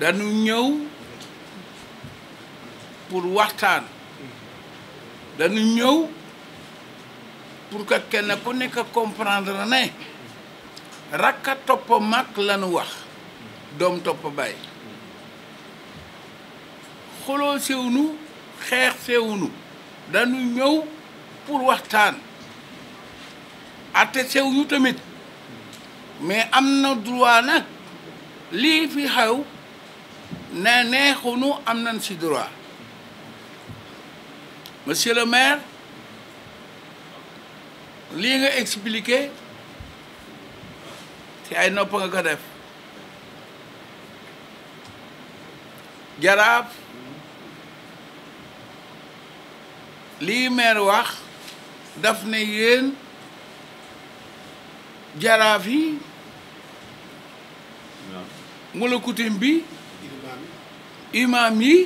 danu ñëw pour waxtaan dañu ñëw pour que kenn ku nekk comprendre ne rakka topp mag lañu wax doom topp baay xoloo sewunu xeex sewunu dañu ñëw pour waxtaan atte sew ñu tamit mais am na droit nag lii fi xew ne neexunu am nañ ci droit monsieur le maire lii nga expliqué ci ay nopp nga ko def jaraaf lii maire wax daf na yéen jaraaf yi malakutim bi imaam yi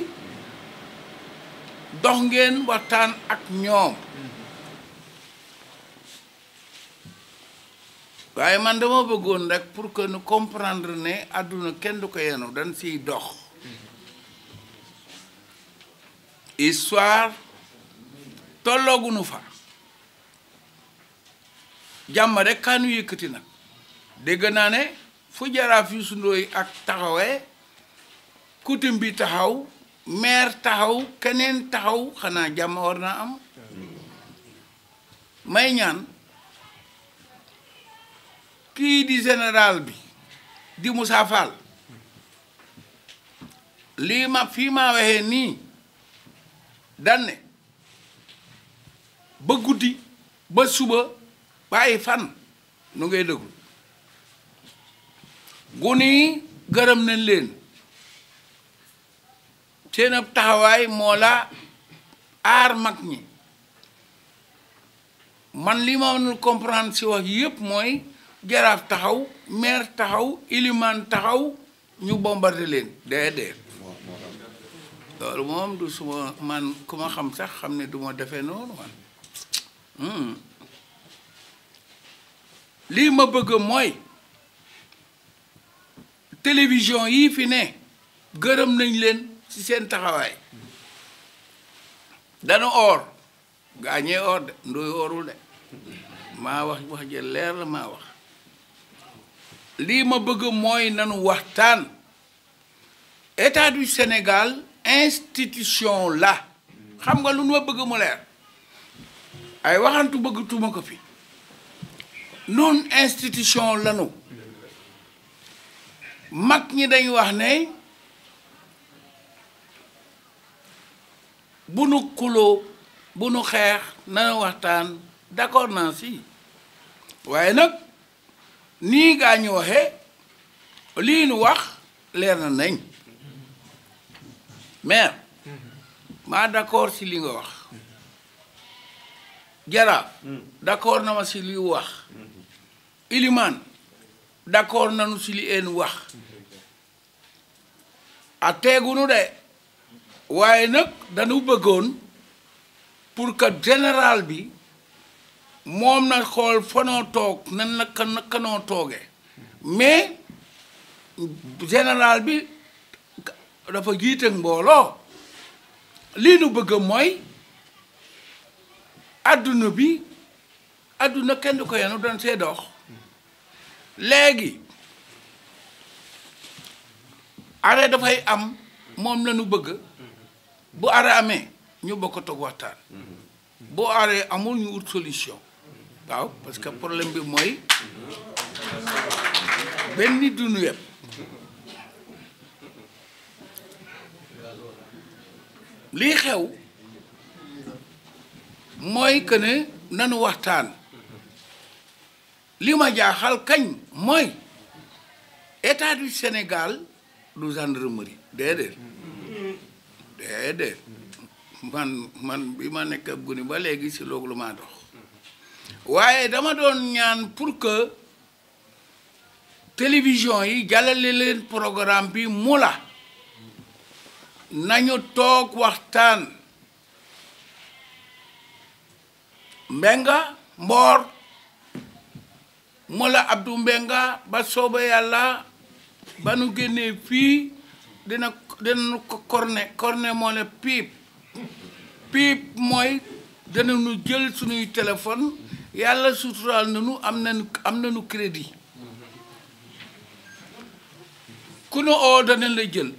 dox ngeen waxtaan ak ñoom waaye man dama bëggoon rek pour que nu comprendre ne àdduna kenn du ko yenu dañ ciy dox histoire tolloogu nu fa jàmm rek kaanu yëkkati nag dégg naa ne fu jaraaf Youssou Ndoye ak taxawee coutume bi taxaw maire taxaw keneen taxaw xanaa jàmm war naa am may ñaan kii di général bi di Moussa Fall lii ma fii ma waxee nii danne ba guddi ba suba bàyyi fan nu ngay déglu gune yi gërëm nañ leen seen taxawaay moo la aar mag ñi man li ma mënul comprendre ci wax yépp mooy jaraaf taxaw maire taxaw iliman taxaw ñu bombardé leen déedéet loolu moom du suma man ku ma xam sax xam ne duma defe defee noonu man hmm. lii ma bëgg mooy télévision yii fi ne gërëm nañ leen ci seen taxawaay dana or gaañee or de ndoy orul de maa wax wax ja leer maa wax lii ma bëgg mooy nanu waxtaan état du Sénégal institution la xam nga lu ma bëgg mu leer ay waxantu bëgg tuma ko fi nun institution lanu mag ñi dañ wax ne bu nu kuloo bu nu xeex na waxtaan d'accord naa si waaye nag nii gaa ñu waxee lii nu wax leer na nañ maire maa d'accord si li nga wax jara d'accord na ma si li wax ilimaan d'accord nanu si li een wax a teegunu de waaye nag dañu bëggoon pour que général bi moom na xool fanoo toog nan naka nakanoo tooge mais général bi dafa giite mbooloo lii nu bëgg mooy adduna bi adduna kenn du ko yenu dañ see dox léegi arrêt dafay am moom la bëgg bu arrêt amee ñu bokk toog waxtaan bu arrêt amul ñu ut solution waaw parce que problème bi mooy benn nit du ñu xew mooy que nanu waxtaan li ma jaaxal kañ mooy état du Sénégal du gendarmerie déedéet déedéet man man bi ma nekk ab guni ba léegi si loolu maa dox waaye dama doon ñaan pour que télévision yi jàllale leen programme bi mula nañu toog waxtaan mbenga mboor Mola Abdou Mbenga ba sooba yàlla ba nu génnee fii dina dina ko corné corné moo ne piip piip mooy dana nu jël suñuy téléphone yàlla suturaal nañu am nañu am nañu ku nu oo dana la jël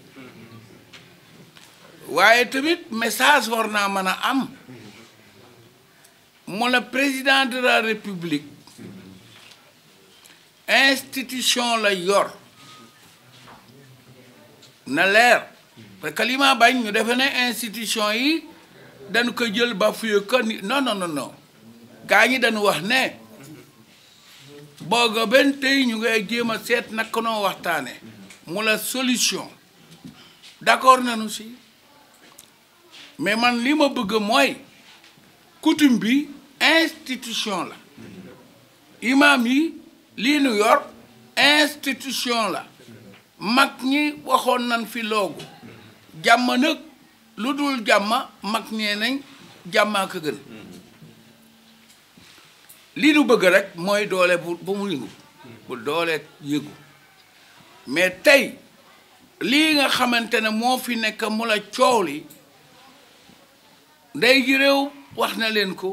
waaye tamit message war naa mën a am mu ne président de la république institution la yor na leer parce que li ma bañ ñu defe ne institution yi danu ko jël ba fuye ko ni non non non dañu wax ne booga benn tey ñu ngay jéem a seet naka noo waxtaane mu la solution d'accord nanu si mais man li ma bëgg mooy coutume bi institution la imam yi lii nu yor institution la mag ñi waxoon nañ fi loogu jàmm nag lu dul jàmm mag ñee nañ jàmmaa ko gën lii nu bëgg rekk mooy doole bu mu yëngu bu doole yëngu mais tey lii nga xamante ne moo fi nekk mu la coow li ndey ji réew wax na leen ko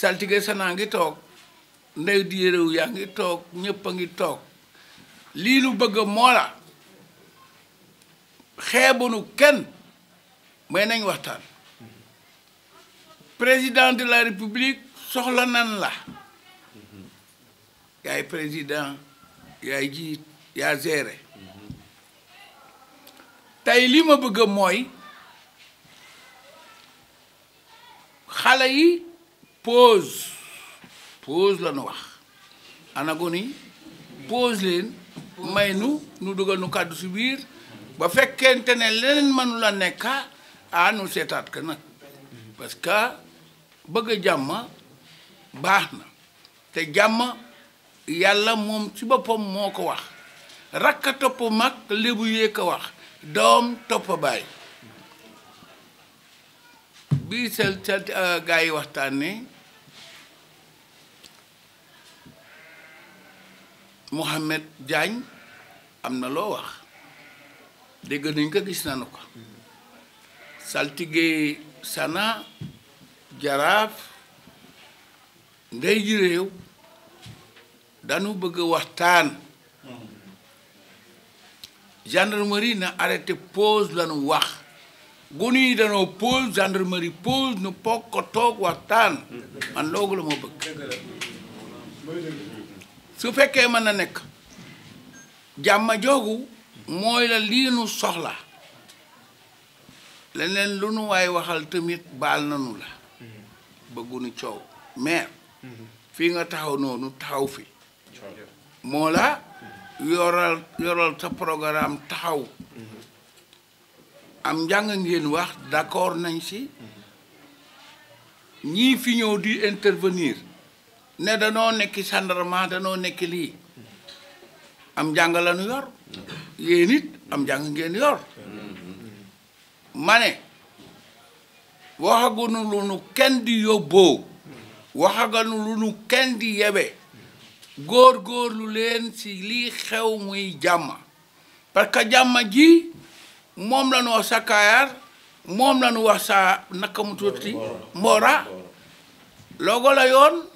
saltige sanaa ngi toog ndey di réew yaa ngi toog ñëpp a ngi toog lii lu bëgg moo la xeebunu kenn may nañ waxtaan président de la république soxla nan la yaay président yaay jiit yaa géré tey li ma bëgg mooy xale yi pause pause la nu wax anagon yi pause leen may nu nu dugal nu kàddu si biir ba fekkente ne leneen mënu la nekka ah nu seetaat ka nag parce que bëgg a jàmm baax na te jàmm yàlla moom ci boppam moo ko wax rakka topp mag lébu yee ko wax doom topp baay bii sel sel euh, gaa waxtaan ne Mohamed Diagne am na loo wax dégg nañ ko gis nanu ko saltige Sana jaraaf ndey ji réew dañu bëgg waxtaan gendarmerie na arrêté pause lanu wax gunu yi danoo pause gendarmerie pause nu pokk ko toog waxtaan man loogu la ma bëgg su fekkee mën a nekk jàmma joogu mooy la lii nu soxla leneen lu nu waay waxal tamit baal nanu la bëggunu coow maire fii nga taxaw noonu taxaw fi moo la yoral yoral sa programme taxaw am njàng ngeen wax d'accord nañ si ñii fi ñëw di intervenir ne danoo nekki gendarme danoo nekki lii am jàng la nu yor yéen am jàng ngeen yor ma ne lu nu kenn di yóbboo waxagunu lu nu kenn di yebe góor-góorlu leen si lii xew muy jàmm parce que jàmm ji moom la nu wax sa kaayaar moom la nu wax sa naka mu tuuti mboora loogo la yoon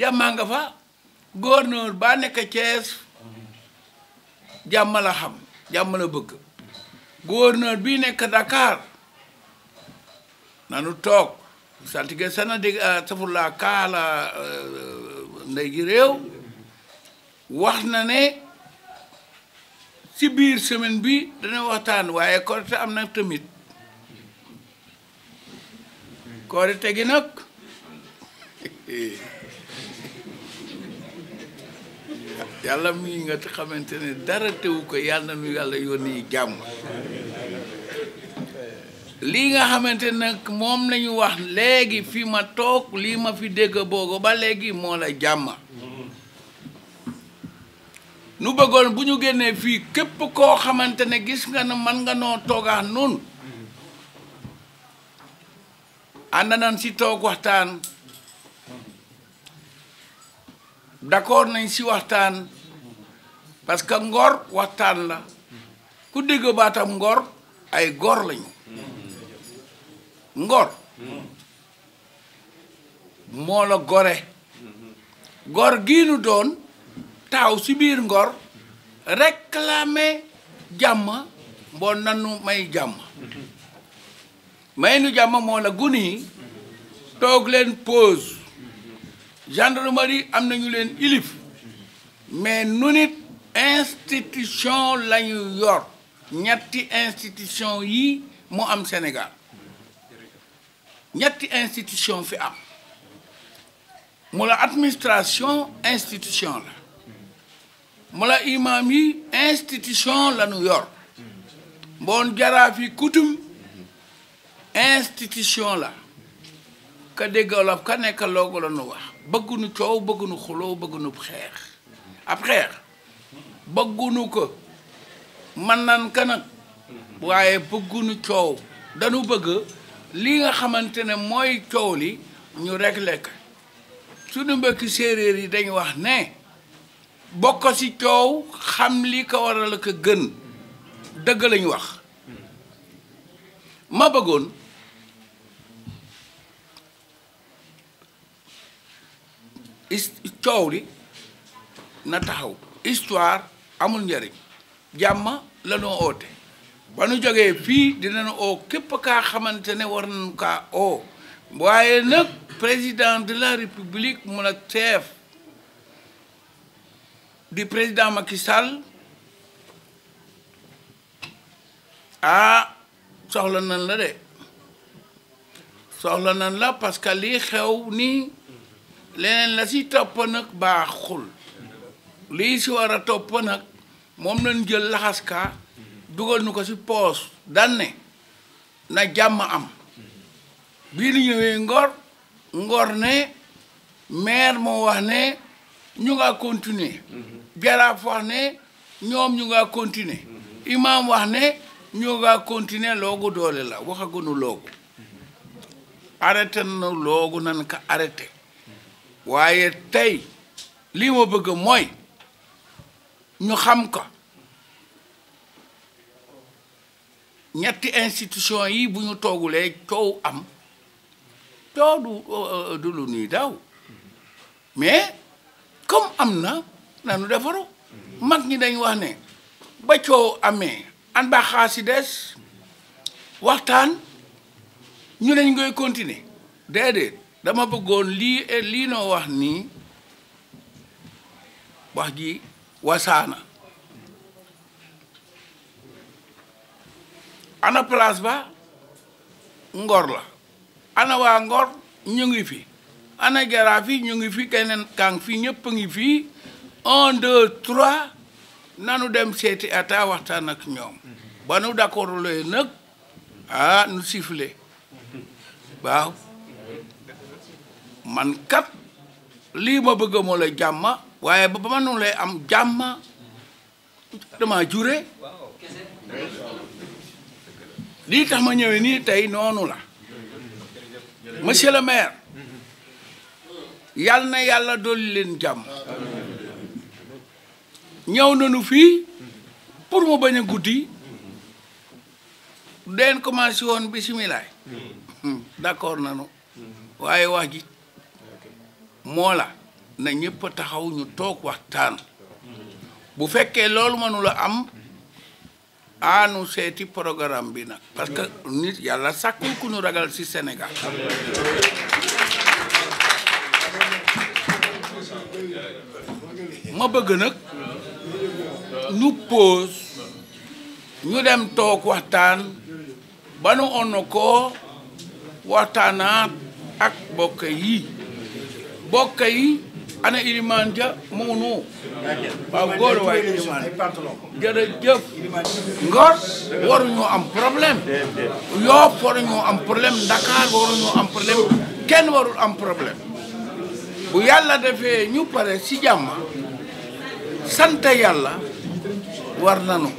jàmmaa nga fa gouverneur baa nekk Thiès jàmm la xam jàmm la bëgg gouverneur bii nekk Dakar nanu toog saltige sana dégg euh, safurlaa kaala euh, ndey gi réew wax na ne ci biir semaine bi dana waxtaan waaye korite am na tamit korite gi yàlla mi nga xamante ne dara tewu ko yàlla nu yàlla yónni jàmm lii nga xamante nag moom nañu wax léegi fi ma toog lii ma fi dégg boogo ba léegi moo la jàmm nu bëggoon bu ñu génnee fii képp koo xamante ne gis nga ne man nga noo toogaa noonu ànd nañ si toog waxtaan d'accord nañ si waxtaan parce que ngor waxtaan la ku dégg baatam ngor ay góor lañu ngor moo la gore góor gii nu doon taaw si biir ngor réclamer jàmm mboo nanu may jàmm may nu jàmm moo la gun yi toog leen pause gendarmerie am nañu leen ilif mais nu nit institution lañu yor ñetti institution yi mu am Sénégal ñetti institution fi am mu la administration institution la mu la imam yi institution la yor mboon jaraaf yi coutume institution la ka dégg olof ka nekk loogu la ñu bëgg bëgguñu coow bëgguñu xuloo bëgguñu xeex ab xeex bëggunu ko man nan ka waaye bëggunu coow dañu bëgg li nga xamante ne mooy coow li ñu réglé ko suñu mbëkk séeréer yi dañu wax ne bokk ci coow xam li ko waral ko gën dëgg lañu wax ma bëggoon coow li na taxaw histoire amul njariñ jàmm la noo oote ba nu jógee fii dinañ oo képp kaa xamante ne war nañu kaa oo waaye nag président de la république mun a teef di président Macky Sall ah soxla nan la de soxla nan la parce que lii xew nii leneen la si topp nag baaxul lii si war a topp nag moom lañ jël laxas kaa dugal nu ko si poos daan na jàmm am bii li ñëwee ngor ngoor ne maire moo wax ne ñu nga continuer jaraaf wax ne ñoom ñu nga continuer imaam wax ne ñu nga continuer loogu doole la waxagunu loogu arrêté na loogu nan ka arrêté waaye tey lii ma bëgg mooy ñu xam ka ñetti institution yi bu ñu toogulee coow am coow du euh, du lu nuy daaw mais comme am na nanu defaru mag ñi dañ wax ne ba coow amee an ba xaasi des waxtaan ñu dañ koy continuer déedéet dama bëggoon lii lii noo wax nii wax ji wasaana ana place ba ngor la ana waa ngor ñu ngi fi ana jaraaf yi ñu ngi fi keneen kàng fi ñëpp a ngi fi un deux trois nanu dem seeti ata waxtaan ak ñoom ba nu d'accord looy nag ah nu siffler waaw man kat lii ma bëgg moo la jàmma waaye ba ba ma noonu lay am jàmm dama jure lii tax ma ñëwee nii tey noonu la monsieur le maire yal na yàlla dolli leen jàmm ñëw nañu fii pour mu bañ a guddi deen commencé woon bisimilaay d'accord nañu waaye wax ji moo la na ñëpp taxaw ñu toog waxtaan bu fekkee loolu mënula am aanu seeti programme bi nag parce que nit yàlla sàkkul ku ñu ragal ci Sénégal ma bëgg nag ñu pause ñu dem toog waxtaan ba nu onn koo waxtaanaat ak bokk yi bokk yi ana Iliman Dia moomu waaw góor waaye Iliman jërëjëf Ngor waruñoo am problème Yoff waruñoo am problème Dakar waruñoo am problème kenn warul am problème bu yàlla defee ñu pare si jàmm sant yàlla war nanu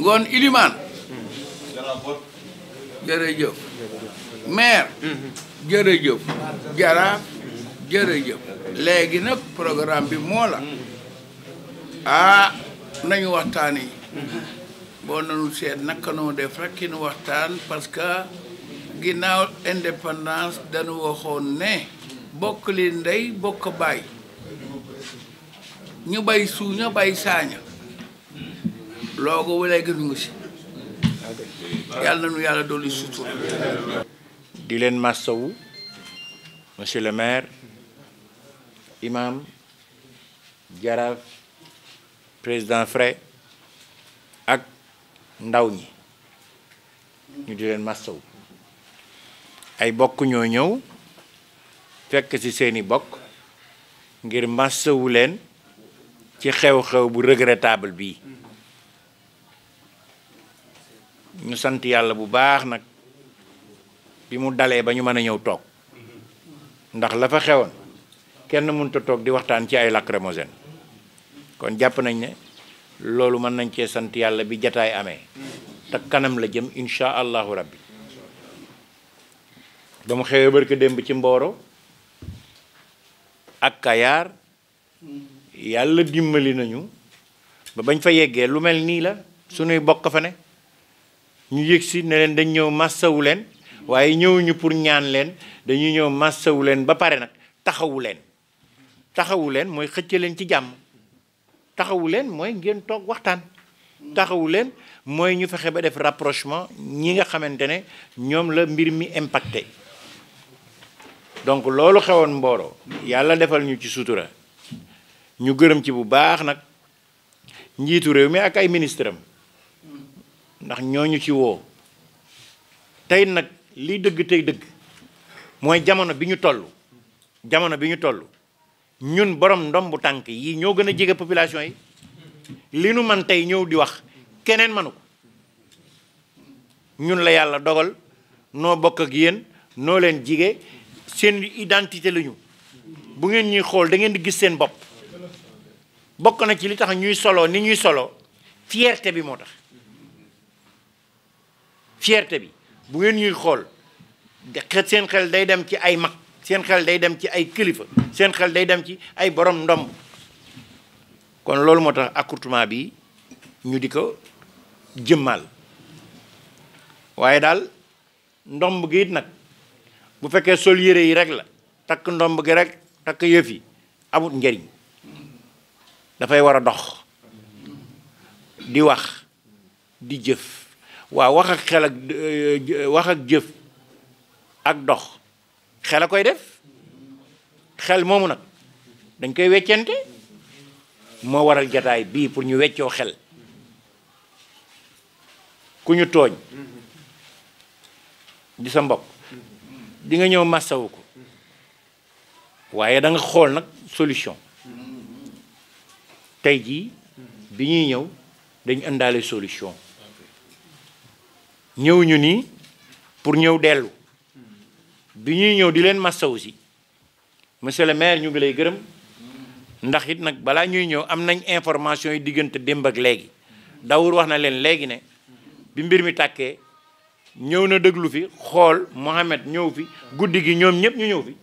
ngoon Iliman hmm. jërëjëf maire hmm. jërëjëf jaraaf jërëjëf léegi nag programme bi moo la ah nañu waxtaan yi boo nanu seet naka noo def rek nu waxtaan parce que ginnaaw indépendance dañu waxoon ne bokk li ndey bokk baay ñu bay suuña bay saaña loogu léegi nu ngi si yàlla na nu yàlla dolli sutura di leen massawu monsieur le maire imam jaraaf président Fray ak ndaw ñi ñu di leen massawu ay bokk ñëw fekk ci seeni bokk ngir massawu leen ci xew-xew bu regrettable bii ñu sant yàlla bu baax nag bi mu dalee ba ñu mën a ñëw toog ndax la fa xewoon kenn munta toog di waxtaan ci ay lacrymogène kon jàpp nañ ne loolu mën nañ cee sant yàlla bi jataay amee te kanam la jëm incha allahu rabbi ba mu xewee barke démb ci mbooro ak kayaar yàlla dimbali nañu ba bañ fa yeggee lu mel nii la suñuy bokk fa ne ñu yëg si ne leen dañ ñëw massawu leen waaye ñëwuñu pour ñaan leen dañuy ñëw massawu leen ba pare nag taxawu leen taxawu leen mooy xëcc leen ci jàmm taxawu leen mooy ngeen toog waxtaan taxawu leen mooy ñu fexe ba def rapprochement ñi nga xamante ne ñoom la mbir mi impacté donc loolu xewoon mbooro yàlla defal ñu ci sutura ñu gërëm ci bu baax nag njiitu réew mi ak ay ministre am ndax ñooñu ci woo tey nag lii dëgg tey dëgg mooy jamono bi ñu tollu jamono bi ñu toll ñun borom ndom bu tànk yi ñoo gën a jige population yi li nu man tey ñëw di wax keneen manu ko ñun la yàlla dogal noo bokk ak yéen noo leen jige seen identité la bu ngeen ñuy xool dangeen di gis seen bopp bokk na ci li tax ñuy solo ni ñuy solo fierté bi moo tax fierté bi bu ngeen ñuy xool seen xel day dem ci ay mag seen xel day dem ci ay kilifa seen xel day dem ci ay borom ndomb kon loolu moo tax accoutrement bi ñu di ko jëmmal waaye daal ndomb gi it nag bu fekkee sol yére yi rek la takk ndomb gi rek takk yëf yi amut njëriñ dafay war a dox di wax di jëf waaw wax ak xel ak euh, wax ak jëf ak dox xel a koy def xel moomu nag dañ koy weccante moo waral jataay bii pour ñu weccoo xel ku ñu tooñ di sa mbokk di nga ñëw massawu ko waaye danga xool nag solution tey jii bi ñuy ñëw dañu indaale solution ñëw ñu nii pour ñëw dellu bi ñuy ñëw di leen massaw si monsieur le maire ñu ngi lay gërëm ndax it nag balaa ñuy ñëw am nañ information yi diggante démb ak léegi Dawour wax na leen léegi ne bi mbir mi tàkkee ñëw na déglu fi xool Mohamed ñëw fi guddi gi ñoom ñëpp ñu ñëw fi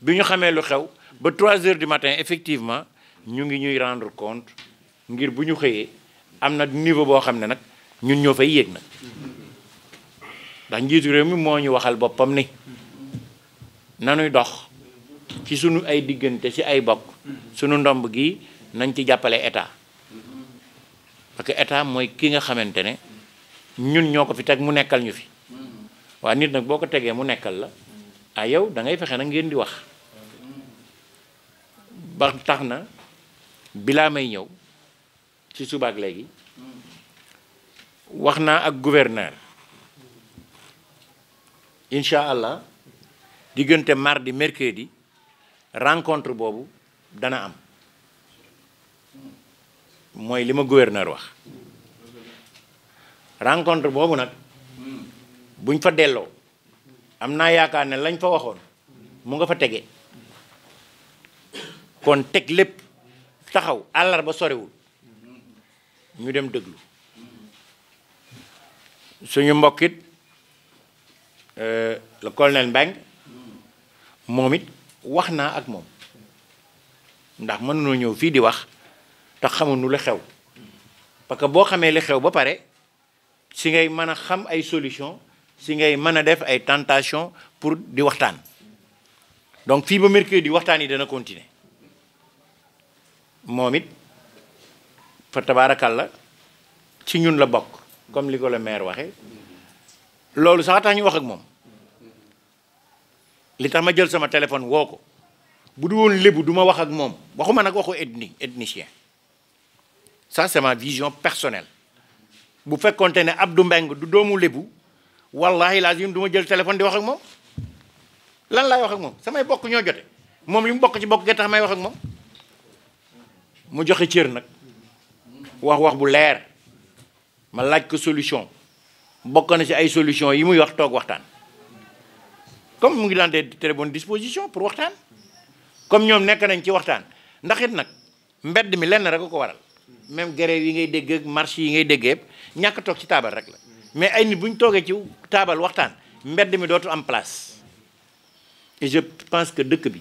bi ñu xamee lu xew ba trois heures du matin effectivement ñu ngi ñuy rendre compte ngir bu ñu xëyee am na niveau boo xam ne nag ñun ñoo fay yéeg nag ndax njiitu réew mi moo ñu waxal boppam ni na nuy dox ci suñu ay diggante ci ay bokk sunu ndomb gi nañ ci jàppale état parce que état mooy ki nga xamante ne ñun ñoo ko fi teg mu nekkal ñu fi waaye nit nag boo ko tegee mu nekkal la ah yow da ngay fexe na ngeen di wax ba tax na bilaa may ñëw ci subaak léegi wax naa ak gouverneur incha allah diggante mardi mercredi rencontre boobu dana am mooy li ma gouverneur wax rencontre boobu nag buñ fa delloo am naa yaakaar ne lañ fa waxoon mu nga fa tege kon teg lépp taxaw àllarba sorewul ñu dem déglu suñu mbokkit Euh, le colonel Mbeng moom it wax naa ak moom ndax mënuñoo ñëw fii di wax te xamuñu la xew parce que boo xamee la xew ba pare si ngay mën a xam ay solution si ngay mën a def ay tentation pour di waxtaan donc fii ba di waxtaan yi dana continuer moom it fa la ci ñun la bokk comme li ko le maire waxee loolu sax tax ñu wax ak moom li tax ma jël sama téléphone woo ko bu du woon lébu du ma wax ak moom waxuma nag waxu ethnie ethnicien ça c'est ma vision personnel bu fekkonte ne ab du Mbengue du doomu lébu wallahi lazim du ma jël téléphone di wax ak moom lan laay wax ak moom samay bokk ñoo jote moom li mu bokk ci bokk ge tax may wax ak moom mu joxe cër nag wax wax bu leer ma laaj ko solution bokk na ci ay solution yi muy wax toog waxtaan comme mu ngi dans des très bonnes pour waxtaan comme ñoom nekk nañ ci waxtaan ndax it nag mbedd mi lenn rek a ko waral même grève yi ngay dégg ak marche yi ngay dégg yëpp ñàkk toog ci taabal rek la mais ay nit bu ñu toogee ci taabal waxtaan mbedd mi dootu am place et je pense que dëkk bi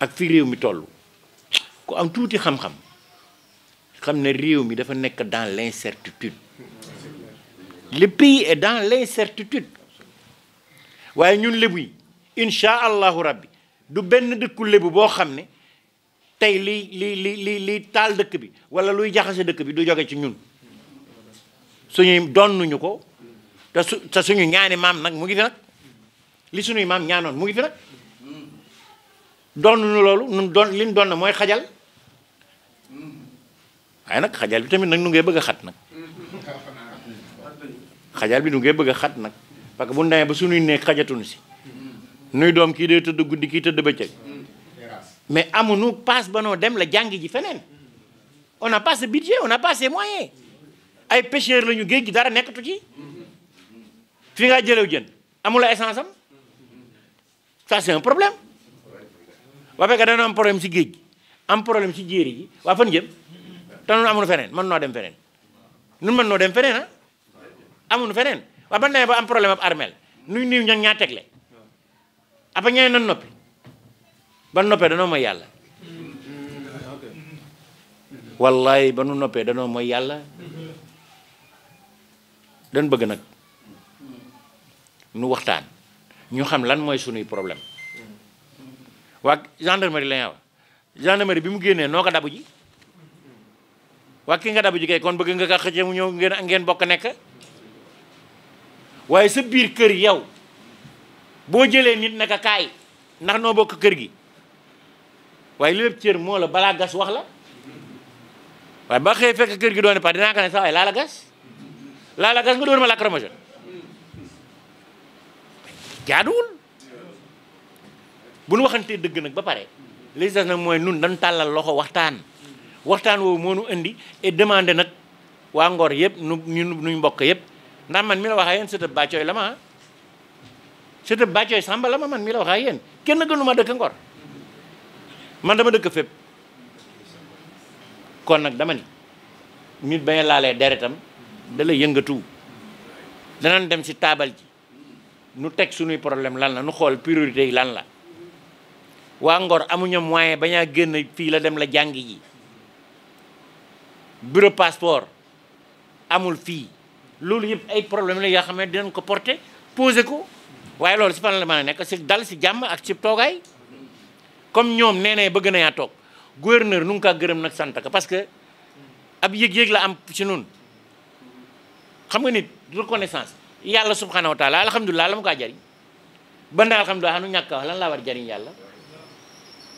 ak fi réew mi toll ku am tuuti xam-xam xam ne réew mi dafa nekk dans l'incertitude le pays est dans l'incertitude waaye ñun lébu yi incha allahu rabbi du benn dëkku lébu boo xam ne tey li li li li liy taal dëkk bi wala luy jaxase dëkk bi du joge ci ñun suñuy donnuñu ko te su te suñu ñaani maam nag mu ngi fi nag li suñuy maam ñaanoon mu ngi fi nag donnuñu loolu doon li ñu doon mooy xajal waaye nag xajal bi tamit nag nu ngay bëgg a xat nag xajal bi nu ngay bëgg a xat nag parce que bu ndawee ba suñuy nekk xajatuñu si nuy doom kii day tëdd guddi kii tëdd bëccëg mais amuñu paas ba noo dem la jàngi ji feneen on n'a pas ce budget on n'a pas ces moyens ay pêcheurs la ñu géej gi dara nekkatu ci fi nga jëlew jën amula essence am ça c'est un problème waa fekk dana am problème si géej gi am problème si jéeri ji waa fan jëm te noonu amunu feneen mën noo dem feneen nun mën noo dem feneen ah? feneen waaw ba nee ba am problème ab armeel nuy niw ñaa tegle aba ñaay nan noppi ba noppee danoo mooy yàlla wallaay ba nu noppee danoo mooy yàlla dañ bëgg nag nu waxtaan ñu xam lan mooy sunuy problème waa gendarmerie la ñu wax gendarmerie bi mu génnee noo ko dabu ji waa ki nga dabu ji kay kon bëgg nga ka xëcce mu ñëw ngeen ngeen bokk nekk waaye sa biir kër yow boo jëlee nit naka kaay ndax noo bokk kër gi waaye li lépp cër moo la balaa gas wax la waaye ba xëy fekk kër gi doone pax dinaa ko ne sa waay laa la gas laa la gas nga dóor ma lacrymogène jaaduwul bu nu dëgg nag ba pare li des nag mooy nun dañu tàllal loxo waxtaan waxtaan woowu moo nu indi et demandé nag waa Ngor yëpp nu ñu nuñ mbokk yëpp ndax man mi la wax ak yéen sëtëb bàccooy la ma ah. sëtëb bàccooy sàmba la ma man mi la wax ak kenn gënu ma dëkk ngor man dama dëkk fépp kon nag dama ni nit bañ laalee deretam dala yëngatu danañ dem si taabal ji nu teg sunuy problème lan la nu xool priorité yi lan la waa Ngor amuñu moyen bañaa génn fii la dem la jàngi ji bureau passeport amul fii loolu yëpp ay problème la yoo xam ne dinañ ko porté posé ko waaye loolu si fan la mën a nekk si dal si jàmm ak si toogaay comme ñoom nee na bëgg na yaa toog gouverneur nu kaa gërëm nag sant ka parce que ab yëg-yëg la am ci noonu xam nga nit reconnaissance yàlla subhanahu wa taala alhamdulilah la mu kaa jariñ bandaa alhamdulilah nu ñàkk wax lan laa war jariñ yàlla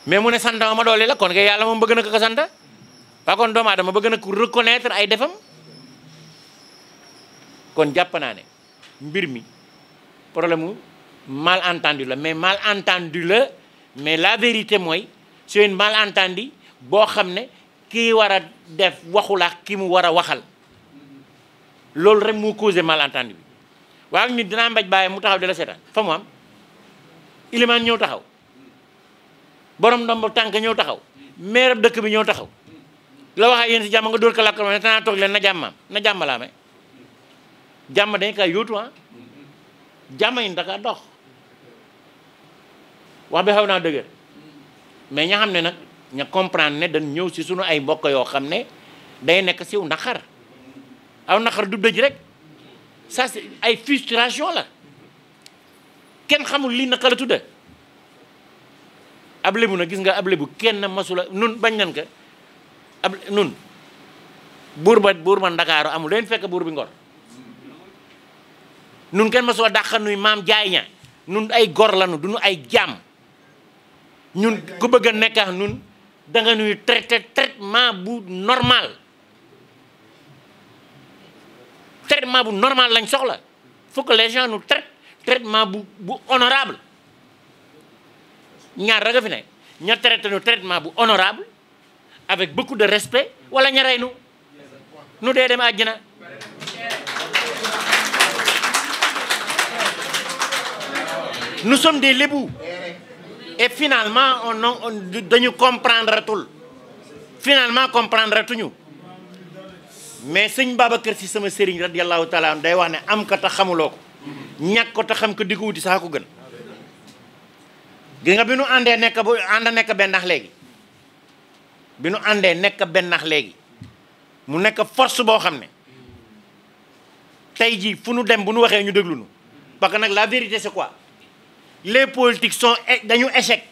mais mu ne sant ma ma doole la kon kay yàlla moom bëgg na ko ko sant waa kon doomu aadama bëgg na ko reconnaître ay defam kon jàpp naa ne mbir mi problème mu mal malentendu la mais mal malentendu la mais la vérité mooy c'est une malentendu boo xam ne ki war a def waxul ak ki mu war a waxal loolu rek moo causé malentendu bi waaw nit dinaa mbaj bàyyi mu taxaw di la seetaan fa mu am ilimaan ñëw taxaw borom ndomb tànk ñëw taxaw mais maire dëkk bi ñëw taxaw la wax ak yéen si jàmm nga dóor ko làkk ma ne tanaa toog leen na jàmmaam na jàmm may jàmm dañ kaa yóotu ah. jàmm yi ndaka dox wax ba xaw naa dëgër mais ña xam ne nag ña comprendre ne dañ ñëw si sunu ay mbokk yoo xam ne day nekk siw naqar aw naqar du dëj rek ça c'est ay frustration la kenn xamul lii naka la tudde ab na gis nga ab lébu kenn masula nun bañ nan ka ab nun buur buur ba ndakaaru amul leen fekk buur bi ngor nun kenn ma soo dàqanuy maam jaay ña nun ay gor lanu duñu ay jaam ñun ku bëgg a nekk ak nun danga nuy traité traitement bu bu normal lañ soxla faut que les gens nous traitent traitement bu bu honorable ñaar rek a fi ne ña traité nu bu honorable avec beaucoup de respect wala ña rey nu nu dee dem àjjana nous sommes des lébous et finalement on dañu comprendre tul finalement comprendre tuñu mais sëñ Babacar si sama sëriñ radiallahu taala day wax ne am ko te xamuloo ko ñàkk ko te xam ko di ko wuti sax ko gën gi nga bi nu àndee nekk bu ànd nekk bennax léegi bi nu àndee nekk bennax léegi mu nekk force boo xam ne tey jii fu nu dem bu nu waxee ñu déglu nu parce que nag la vérité c'est quoi les politiques sont dañu échec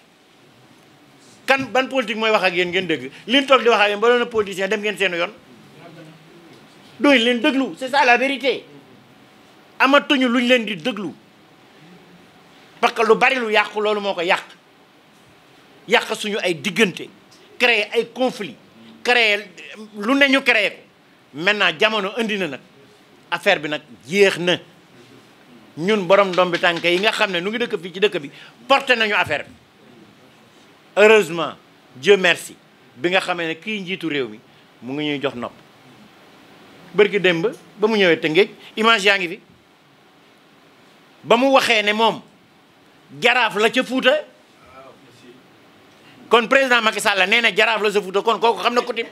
kan ban politique mooy wax ak yéen ngeen dëgg liñ toog di wax ak yéen ba doon a politicien dem ngeen seen yoon duñ leen déglu c'est ça amatuñu luñ leen di déglu parce que lu bari lu yàqu loolu moo ko yàq yàq suñu ay diggante créer ay conflits créer lu ne ñu créer ko maintenant jamono indi na nag affaire bi nag yéex na. ñun borom bi tànk yi nga xam ne nu ngi dëkk fii ci dëkk bi porté nañu affaire bi heureusement Dieu merci bi nga xamee ne kii njiitu réew mi mu ngi ñuy jox nopp bërki démb ba mu ñëwee Tëngéej image yaa ngi fi ba mu waxee ne moom jaraaf la ca Fuuta kon président Macky Sall nee na jaraaf la sa Fuuta kon kooku xam na ko tim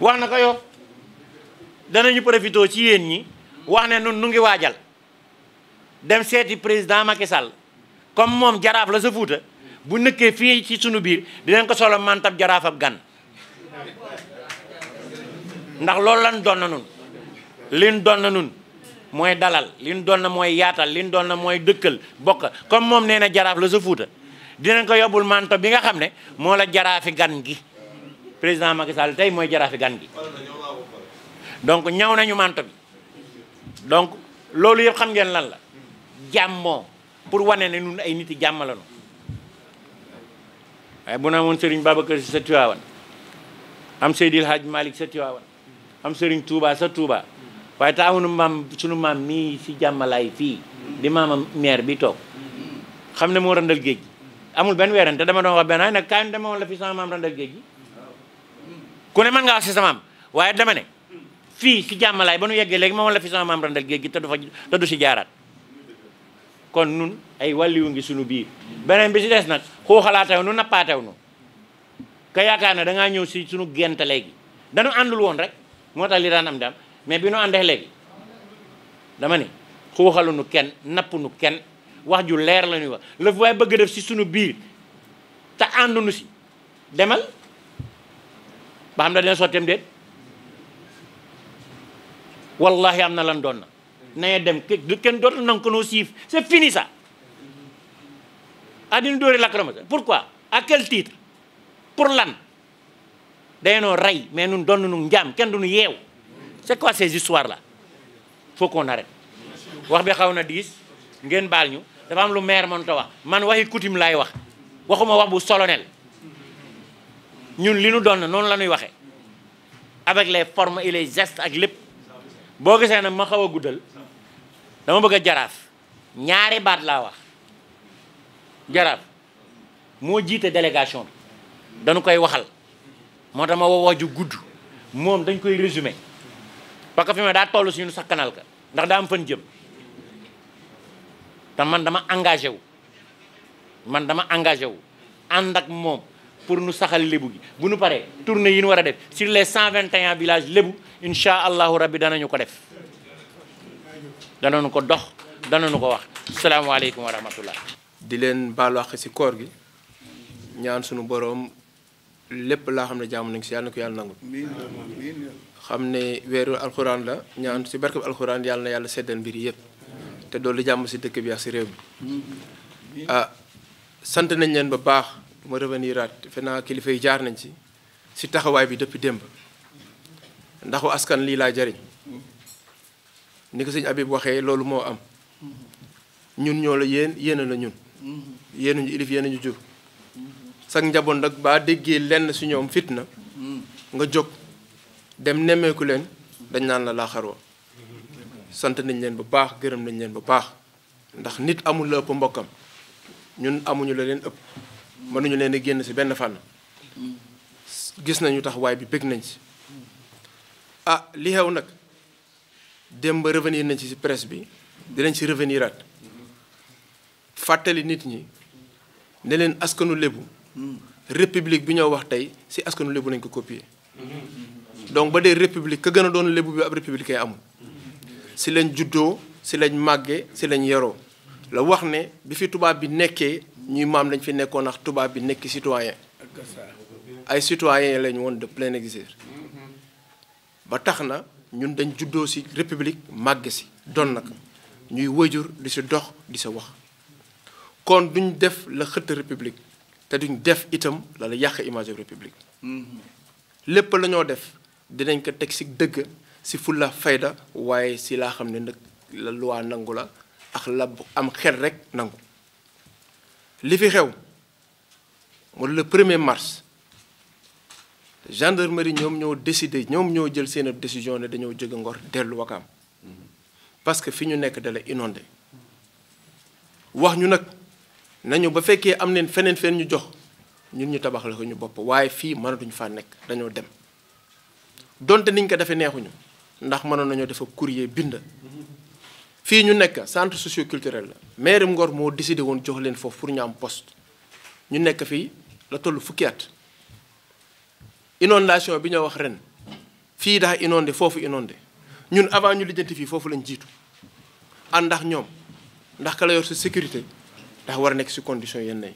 wax na ko yow danañu profité ci yéen ñi wax ne nun nu ngi waajal dem seeti président Macky comme moom jaraaf la sa fuuta bu nëkkee fii ci sunu biir dinañ ko solo mantab jaraaf ab gan ndax loolu lan doon na nun lin doon na nun mooy dalal lin doon na mooy yaatal lin doon na mooy dëkkal bokk comme moom nee na jaraaf la sa fuuta dinañ ko yóbbul manto bi nga xam ne moo la jaraafi gan gi président Macky Sall tey mooy jaraafi gan gi donc ñaw nañu manto bi donc loolu yëpp xam ngeen lan la jàmmoo pour wane ne ñun ay nit yi jàmm lañu waaye bu na amoon Serigne Babacar si sa Tiwaawan am Seydil Hadj Malick sa Tiwaawan sunu maam mii si jàmmalaay fii di maama maire bi toog xam ne moo randal géej amul benn weerante dama doon wax benn ay nag kaay dama woon la fi sama maam randal géej ku ne mën ngaa wax si waaye dama ne fii si jàmmalaay ba nu yeggee léegi moom la fi sama maam randal géej gi te du fa te du si jaaraat kon nun ay wàlliwu ngi sunu biir beneen bi si des nag xoo xalaatew nu nappaatew nu ka yaakaar ne dangaa ñëw si sunu gent léegi dañu àndul woon rek moo tax li daan am daam mais bi nu àndee léegi dama ne xuuxalu nu kenn napp nu kenn wax ju leer la ñuy wax la waaye bëgg def si sunu biir te àndu nu si demal ba xam ne dina sotteem déet wallahi am na lan doon na nañu dem kenn dootul nangu ko noo siif c'est fini ça ah dina dóore lacrymogène pourquoi à quel titre pour lan noo rey mais nun doon nu njaam kenn du nu yeew c'est quoi ces histoires là faut qu'on arrête wax bi xaw na diis ngeen baal ñu dafa am lu maire mënta wax man waxi coutume laay wax waxuma wax bu solennel ñun li nu doon noonu la ñuy waxee avec les formes et les gestes ak lépp boo gisee nag ma xaw a guddal dama bëgg a jaraaf ñaari baat laa wax jaraaf moo jiite délégation bi dañu koy waxal moo dama ma ju gudd moom dañ koy résumé parce que fi ma daa toll si ñun sax kanal ka ndax daa am fan jëm te man dama engagé wu man dama engagé wu ànd ak moom pour nu saxal lébu gi bu nu paree tournée yi ñu war a def sur les 121 villages lébu incha allahu rabbi danañu ko def danañu ko dox nu ko wax salaamaaleykum wa rahmatullah di leen baal àq si koor gi ñaan sunu boroom lépp laa xam ne jaamu nañ si yàlla na ko yàlla nangul xam ne weeru alxuraan la ñaan si barkeb alxuraan yàlla na yàlla seddal mbir yëpp te doolu jàmm si dëkk bi ak si réew mi ah sant nañ leen ba baax ma revenir at defe naa kilifa yi jaar nañ ci si taxawaay bi depuis démb ndaxu askan lii laa jariñ ni ko sëñ Habib waxee loolu moo am ñun ñoo la yéen yéen la ñun yéen ñu ilif yéen ñu jur sag njaboot nag baa déggee lenn si ñoom fitna nga jóg dem nemmeeku leen dañ naan la sant nañ leen bu baax gërëm nañ leen bu baax ndax nit amul la ëpp mbokkam ñun amuñu la leen ëpp mënuñu leen a génn si benn fànn gis nañu taxawaay bi bëgg nañ si ah li xew nag démb revenir nañ ci si presse bi dinañ si revenir at fàttali nit ñi ne leen askanu lébu république bi ñoo wax tey si askanu lébu nañ ko copier donc ba dee république ka gën a doon lébu bi ab république amul si lañ juddoo si lañ màggee si lañ yaroo la wax ne bi fi tubaab bi nekkee ñuy maam lañ fi nekkoon ak tubaab bi nekk citoyen ay citoyen lañ woon de plein exercice ba tax na ñun dañ juddoo ci république màgg ci doon nag ñuy wëjur di si dox di sa wax kon duñ def la xëtt république te duñ def itam lal yàq image république lépp lañoo ñoo def dinañ ko teg ci dëgg si fulla fayda waaye si laa xam ne nag la loi nangu la ak la am xel rek nangu li fi xew wala le premier mars gendarmerie ñoom ñoo décidé ñoom ñoo jël seen décision ne dañoo jóge Ngor dellu Wakaam parce que fi ñu nekk dala inondé wax ñu nag nañu ba fekkee am neen feneen fenn ñu jox ñun ñu tabax la ko ñu bopp waaye fii mënatuñu fa nekk dañoo dem donte niñ ko defee neexuñu ndax mënoon nañoo dafa courrier bind fii ñu nekk centre culturel la maire Ngor moo décidé woon jox leen foofu pour ñu am poste ñu nekk fii la toll fukki at inondation bi ñoo wax ren fii daa inondé foofu inondé ñun avant ñu lijjanti fii foofu lañ jiitu ànd ndax ñoom ndax ka la yor si sécurité ndax war a nekk si condition yenn yi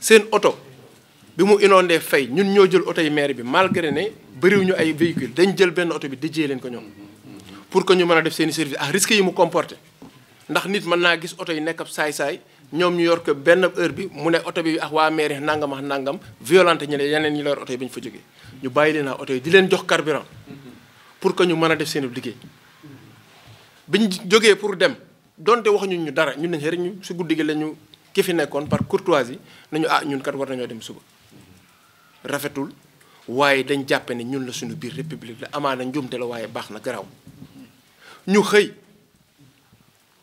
seen oto bi mu inondé fey ñun ñoo jël oto yi maire bi malgré ne bëriwuñu ay véhicule dañ jël benn oto bi déjee leen ko ñoom pour que ñu mën a def seeni i service ak risques yi mu comporté ndax nit mën naa gis oto yi nekk saay-saay ñoom ñu yor benn heure bi mu ne oto bi ak waa mairie nangam ak nangam violenté ñu ne yeneen ñi yor oto yi ñu fa jógee ñu bàyyi leen ak oto di leen jox carburant pour que ñu mën a def seen liggéey biñ jógee pour dem donte waxuñu ñu dara ñun nañ rek ñu si guddi gi la ñu ki fi nekkoon par courtoisie nañu ah ñun kat war nañoo dem suba rafetul waaye dañ jàppe ne ñun la suñu biir république la amaana njuumte la waaye baax na garaaw ñu xëy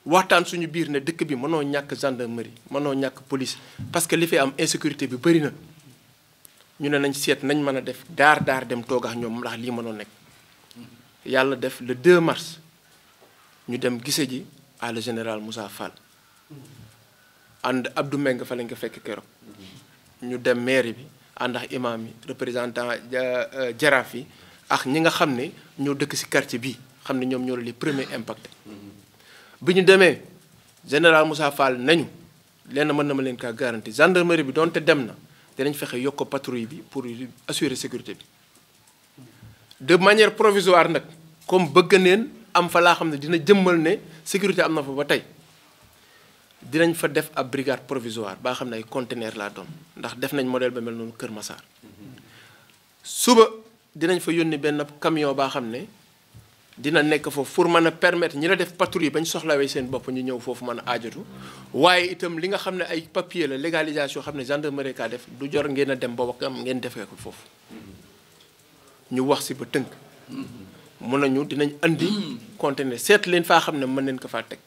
waxtaan suñu biir ne dëkk bi mënoo ñàkk gendarmerie mënoo ñàkk police parce que li fi am insécurité bi bëri na ñu ne nañ seet nañ mën a def daar daar dem toog ak ñoom ndax lii mënoo nekk yàlla def le 2 mars ñu dem gise ji à le général Moussa Fall ànd Abdou Mbengue fa lañ ko fekk keroog ñu dem mairie bi ànd ak imam yi représentant euh, jaraaf yi ak ñi nga xam ne ñoo dëkk ci quartier bi xam ne ñoom ñoo les premiers impactés bi ñu demee général Moussa Fall nañu lenn mën na ma leen kaa garanti gendarmerie bi donte dem na dinañ fexe yokk ko patrouille bi pour assurer sécurité bi de manière provisoire nag comme bëgg neen am fa laa xam ne dina jëmmal ne sécurité am na fa ba tey dinañ fa def ab brigade provisoire baa xam ne ay conteneur laa doon ndax def nañ modèle ba mel noonu Kër Massar suba dinañ fa yónni benn camion baa xam ne dina nekk foofu pour mën a permettre ñi la def patrouille ba ñu soxlawee seen bopp ñu ñëw foofu mën a aajatu waaye itam li nga xam ne ay papier la légalisation xam ne gendarmerie kaa def du jor ngeen a dem ba wakam ngeen defee ko foofu ñu wax si ba tënk mun nañu dinañ andi conteneur seet leen faa xam ne mën neen ko faa teg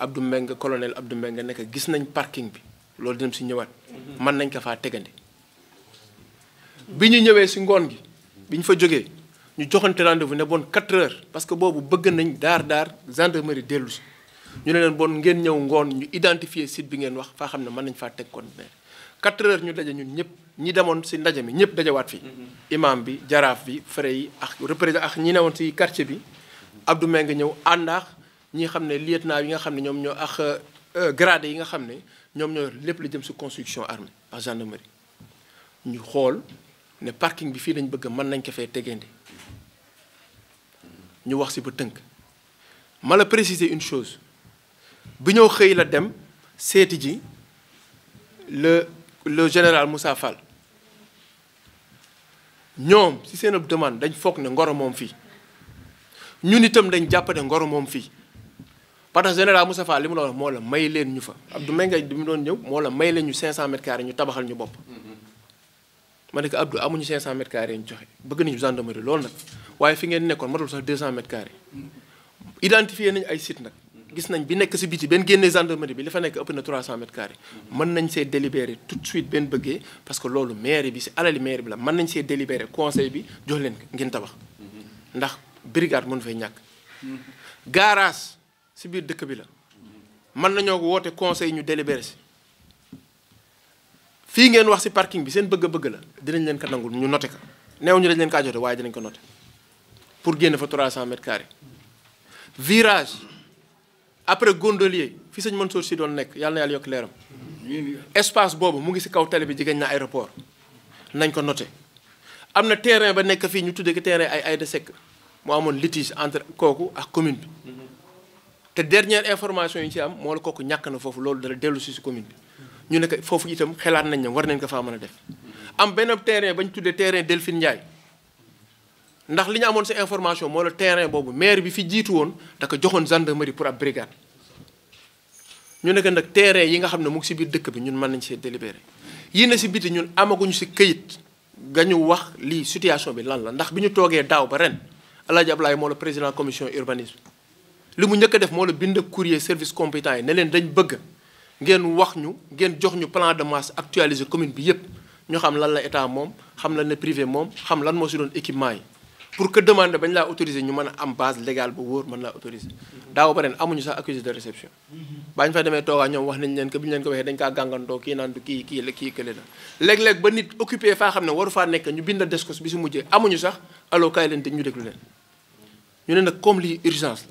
Abdou Mbengue colonel Abdou nga nekk gis nañ parking bi loolu dinañ si ñëwaat mën nañ ko faa tegandi bi ñu ñëwee si ngoon gi bi ñu fa jógee ñu joxante rendez-vous ne bon 4 parce que boobu bëgg nañ daar daar gendarmerie dellu si ñu ne leen bon ngeen ñëw ngoon ñu identifier site bi ngeen wax faa xam ne mën nañ faa teg conteneur 4 heures ñu daje ñun ñëpp ñi demoon si ndaje mi ñëpp dajawaat fi mhm. imam bi jaraaf bi frais yi ak représentant ak ñi newoon si quartier bi Abdou nga ñëw àndaax ñi xam ne lieutenant yi nga xam ne ñoom ñoo ak euh, euh, gradé yi nga xam ne ñoom ñoo lépp la jëm si construction armée ak gendarmerie ñu xool ne parking bi fii lañ bëgg mën nañ ko fee tegandi. ñu wax si ba tënk ma la préciser une chose bi ñëw xëy la dem seeti ji le le général Moussa ñoom si seen demande dañ foog ni ngoro moom fii ñun itam dañ jàpp ne ngoro moom fii parce que général Moussa Fall li mu la wax moo la may leen ñu fa Abdou Mbengue bi mu doon ñëw moo la may leen ñu 500 mètres carrés ñu tabaxal ñu bopp. ma ne ko Abdou amuñu 500 mètres carrés ñu joxe bëgg nañu gendarmerie loolu nag waaye fi ngeen nekkoon matul sax 200 mètres carrés identifié nañu ay site nag. gis nañ bi nekk si biti benn génnee gendarmerie bi li fa nekk ëpp na 300 mètres carrés mën nañ see délibéré tout de suite benn bëggee parce que loolu maire bi si alali maire bi la mën nañ see délibéré conseil bi jox leen ngeen tabax ndax brigade mënu fa ñàkk. garage si biir dëkk bi la mën nañoo woote conseil ñu délibéré si. fii ngeen wax si parking bi seen bëgg-bëgg la dinañ leen ko nangul ñu noté ko neew ñu dañ leen kaa jote waaye dinañ ko noté pour génn fa 300 mètres carrés virage après gondolier fi man Mansour si doon nekk yàlla na yàlla yokk leeram espace boobu mu ngi si kaw tali bi jigéen na aéroport nañ ko noté am na terrain ba nekk fii ñu tuddee ko terrain ay Aïda Seck mu amoon litige entre kooku ak commune bi te dernière information yi ci am moo la kooku ñàkk na foofu loolu dara dellu si si commune bi ñu ne ko foofu itam xelaat nañ ne war nañ ko faa mën a def am benn terrain bañ tuddee terrain Delphine Ndiaye ndax li ñu amoon si information moo la terrain boobu maire bi fi jiitu woon da ko joxoon gendarmerie pour ab brigade ñu ne ko nag terrain yi nga xam ne mu ngi si biir dëkk bi ñun mën nañ see délibéré yi na si biti ñun amaguñu si këyit nga ñu wax lii situation bi lan la ndax bi ñu toogee daaw ba ren Alaaji Ablaye moo la président commission urbanisme li mu njëkk a moo la bind courrier service compétent yi ne leen dañ bëgg ngeen wax ñu ngeen jox ñu plan de masse actualiser commune bi yépp ñu xam lan la état moom xam lan la privé moom xam lan moo si doon équipement yi pour que demande bañ laa autorisé ñu mën a am base légal bu wóor mën laa autoriser daaw ba ren amuñu sax accusé de réception ñu fa demee toogaa ñoom wax nañ leen que bi ñu leen ko waxee dañ kaa gàngandoo kii naan du kii kii la kii kële la léeg-léeg ba nit occupé faa xam ne waru faa nekk ñu bind descos bi si mujjee amuñu sax allo kaay leen te ñu déglu leen ñu ne nag comme lii urgence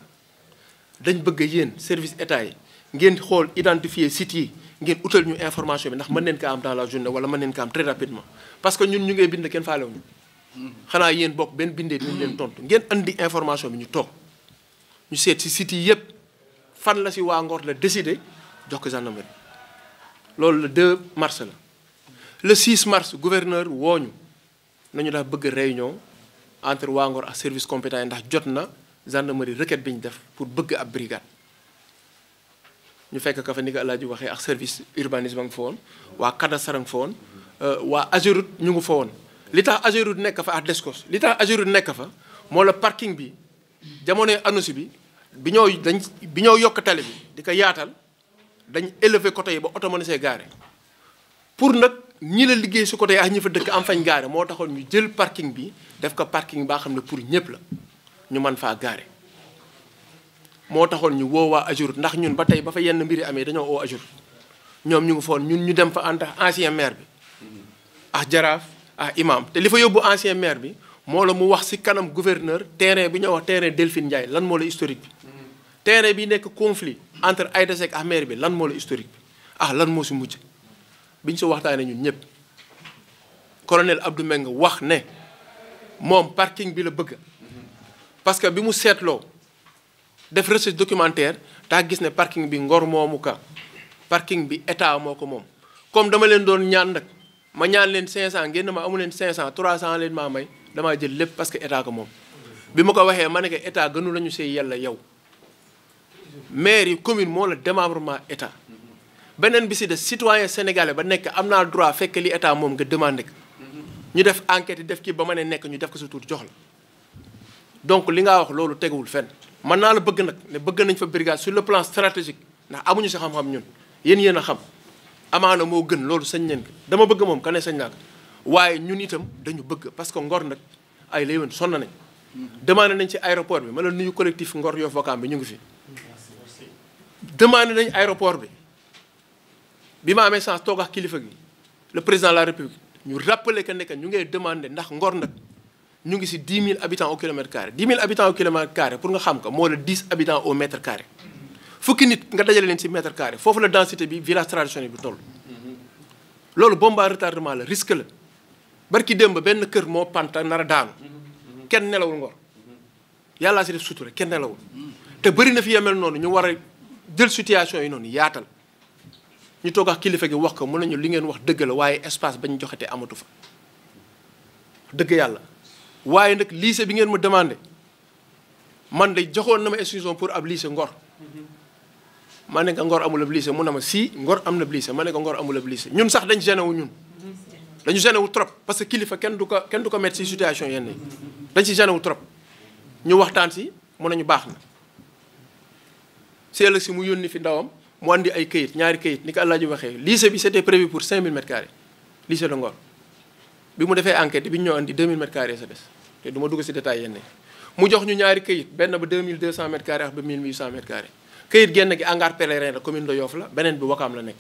dañ bëgg yéen service état yi ngeen xool identifier sites ngeen utal ñu information bi ndax mën neen ko am dans la journée wala ma neen ko am très rapidement parce que ñun ñu ngay bind kenn faalewu ñu xanaa yéen bokk benn bindee dinañ leen tontu ngeen andi information bi ñu toog ñu seet si sites yi yëpp fan la si waa Ngor la décidé jox ko gendarmerie loolu la 2 mars la le 6 mars gouverneur wooñu nañu daal bëgg réunion entre waa Ngor ak service compétent ndax jot na gendarmerie requête bi ñu def pour bëgg ab brigade ñu fekk ka fa ni ko waxee ak service urbanisme a ngi fa woon waa cadastre a ngi fa woon euh, waa Ageroute ñu ngi fa woon li tax Ageroute nekk fa ak Descos li tax Ageroute nekk fa moo la parking bi jamonoy ANOCI bi bi ñoo dañ bi ñoo yokk tali bi di ko yaatal dañ élever côté yi ba oto mën see gaare pour nag ñi la liggéey su côté yi ak ñi fa dëkk am fañ gaare moo taxoon ñu jël parking bi def ko parking baa xam ne pour ñëpp la ñu mën faa gaare moo taxoon ñu woowaa waa ndax ñun ba tey ba fa yenn mbiri amee dañoo woo AJUR ñoom ñu ngi foon ñun ñu dem fa ànd ak maire bi ah jaraaf ah imam te li fa yóbbu ancien maire bi moo la mu wax ci kanam gouverneur terrain bi ñoo wax terrain Delphine Ndiaye lan moo la historique bi terrain bi nekk conflit entre Aïda Seck ak maire bi lan moo la historique bi ah lan moo si mujj bi ñu si waxtaanee ñun ñëpp colonel Abdou Meng wax ne moom parking bi la bëgg parce que bi mu seetloo def recherche documentaire daa gis ne parking bi ngor moomu ka parking bi état moo ko moom comme dama leen doon ñaan nag ma ñaan leen 500 ngeen ma amu leen 500 300 leen maa may damaa jël lépp parce que état ko moom. bi ma ko waxee ma ne que état gënu la ñu see yàlla yow maire yi commune moo la démembrement état beneen bi si de citoyen sénégalais ba nekk am naa droit fekk li état moom nga demandé ko ñu def enquête def kii ba ma ne nekk ñu def ko sa jox la donc li nga wax loolu teguwul fenn. man naa la bëgg nag ne bëgg nañ fa brigade sur le plan stratégique ndax amuñu si xam-xam ñun yéen yéen a xam amaana moo gën loolu sañ leen dama bëgg moom ka sañ naa ko waaye ñun itam dañu bëgg parce que ngor nag ay léewen sonn nañ demande nañ ci aéroport bi ma la nuyu collectif ngor yoo fokaam bi ñu ngi fi demandé nañ aéroport bi bi ma amee chance toog ak kilifa gi le président la république ñu rappelé que ne ñu ngee demandé ndax ngor nag ñu ngi si 10 mil habitants au kilomètre carré 10 000 habitants au kilomètre carré pour nga xam ko moo la 10 habitants au mètre carré fukki nit nga dajale leen si mètre carré foofu la densité bi village traditionnel bi toll. loolu bombe à retardement la risque la barki démb benn kër moo panta nar a daanu kenn nelawul ngor yàllaa si def sutura kenn nelawul te bari na fi yemel noonu ñu war a jël situation yi noonu yaatal ñu toog ak kilifa gi wax ko mun nañu li ngeen wax dëgg la waaye espace ba ñu joxetee amatu fa dëgg yàlla. waaye nag lycée bi ngeen ma demandé man de joxoon na ma exclusion pour ab lycée Ngor ma ne ko Ngor amul ab lycée mun ne ma si Ngor am na ab lycée ma ne ko Ngor amul ab lycée ñun sax dañ gêné wu ñun dañu gêné wu trop parce que kilifa kenn du ko kenn du ko mettre si situation yenn yi dañ si gêné wu trop ñu waxtaan si mu nañu baax na si mu yónni fi ndawam mu andi ay këyit ñaari këyit ni ko Alaaji waxee lycée bi c'était prévu pour 5000 mètres carrés lycée de Ngor bi mu defee enquête bi ñu ñoo andi 2000 mètres carrés sa des te du ma dugg si détail yenn mu jox ñu ñaari këyit benn ba 2200 mètres carrés ak ba 1800 mètres carrés këyit genn gi hangar pèlerin la commune de Yoff la beneen bi Wakaam la nekk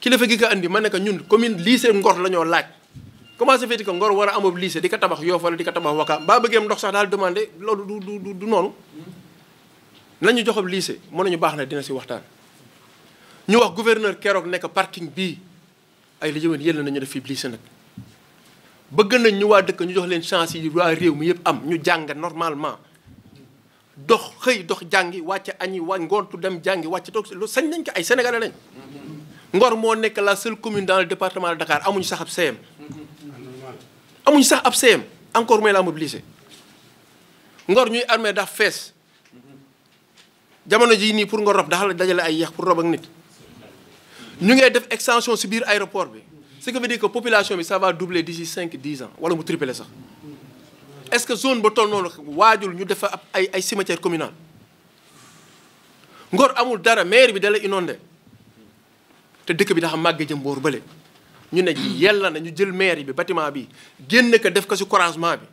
kilifa gi ko andi ma ne ko ñun commune lycée Ngor la ñoo laaj comment ça fait Ngor war a amub lycée di ko tabax Yoff wala di ko tabax Wakaam baa bëggee ndox sax daal demandé loolu du du du noonu nañu joxob lycée mën ñu baax na dina si waxtaan ñu wax gouverneur keroog nekk parking bii ay li jëwén yéen nañu def fii lycée nag bëgg nañ ñu waa dëkk ñu jox leen chance yi waa réew mi yëpp am ñu jàng normalement dox xëy dox jàngi wàcc añi wa ngoontu dem jàngi wàcc toog lu sañ nañ ko ay sénégalais lañ Ngor moo nekk la seule commune dans le département de amuñ amuñu sax ab CM amuñu sax ab CM encore mooy la mobilisé Ngor ñuy armée dax fees jamono ji nii pour nga rob daxal dajale ay yeex pour rob ak nit ñu ngay def extension si biir aéroport bi ce qui veut dire que population bi ça va doubler d'ici cinq dix ans wala mu tripler sax est-ce que zone ba toll noonu waajul ñu def ab ay ay cimetière communal Ngor amul dara maire bi dala inondé te dëkk bi daxa màgg jëm boor bële ñu ne yella na ñu jël maire bi bâtiment bi génn ko def ko ci croisement bi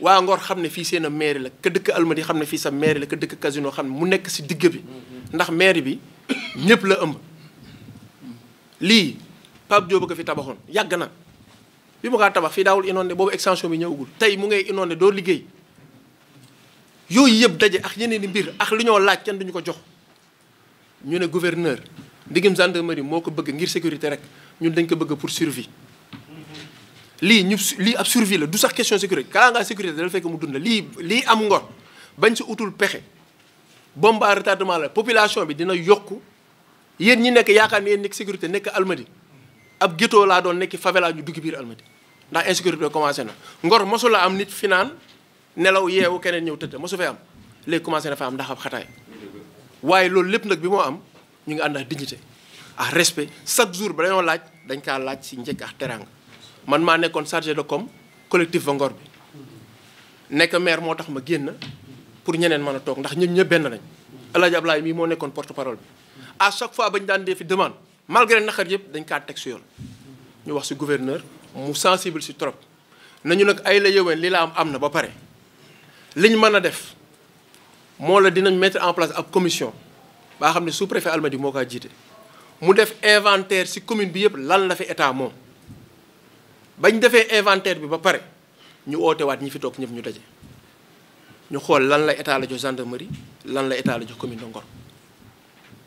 waa Ngor xam ne fii seen a maire la ka dëkk alma di xam ne fii sa maire la ka dëkk Casino xam ne mu nekk si digg bi ndax maire bi ñëpp la ëmb lii Pape Diop a fi tabaxoon yàgg na bi mu kaa tabax fii daawul inondé boobu extension bi ñëwagul tey mu ngay inondé doo liggéey yooyu yëpp daje ak yeneen i mbir ak li ñoo laaj kenn duñu ko jox ñu ne gouverneur ndigim gendarmerie moo ko bëgg ngir sécurité rek ñun dañ ko bëgg pour survie lii ñu lii ab survie la du sax question sécurité kalaa ngaa sécurité dal fekk mu dund la lii lii am ngor bañ si utul pexe bombe à retardement la population bi dina yokku yéen ñi nekk yaakaar ne yéen nekk sécurité nekk almadi ab ghetto laa doon nekk favela ñu dugg biir Almadi ndax insécurité commencé na ngor mosu la am nit fi naan nelaw yeewu keneen ñëw tëdd mosu fee am léegi commencé na fa am ndax ab xataay waaye loolu lépp nag bi moo am ñu ngi ànd ak dignité ak respect chaque jour ba dañoo laaj dañ kaa laaj si njëkk ak teraanga man maa nekkoon chargé de com collectif ba ngor bi nekk maire moo tax ma génn pour ñeneen man a toog ndax ñun ñëpp benn lañ El Hadj Ablaye mii moo nekkoon porte parole à chaque fois bañ daan dee demande malgré naqar yëpp dañ kaa teg si yoon ñu wax si gouverneur mu sensible si trop nañu nag ay la yoween li la am am na ba pare liñ mën a def moo la dinañ mettre en place ak commission baa xam ne sous préfet Almadies moo kaa jiite mu def inventaire si commune bi yëpp lan la fi état moom bañ defee inventaire bi ba pare ñu ootewaat ñi fi toog ñëpp ñu daje ñu xool lan la état la jox gendarmerie lan la état la jox commune de Ngor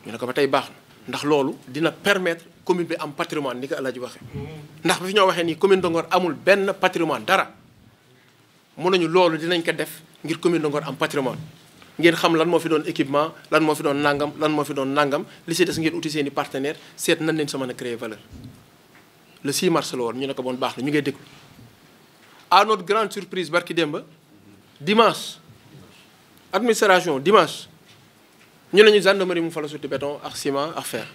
ñu ne ko ba tey baax na ndax loolu dina permettre commune bi am patrimoine ni ko El ji waxee. ndax bi fi ñoo waxee nii commune de Ngor amul benn patrimoine dara mun nañu loolu dinañ ko def ngir commune de am patrimoine ngeen xam lan moo fi doon équipement lan moo fi doon nangam lan moo fi doon nangam li si des ngeen uti seeni i seet nan leen sa mën a créer valeur. le 6 mars la woon ñu ne ko bon baax na ñu ngay déglu à notre grande surprise barki démb dimanche administration dimanche. ñu ne ñu gendarmerie mu fa la sotti béton ak ciment ak fer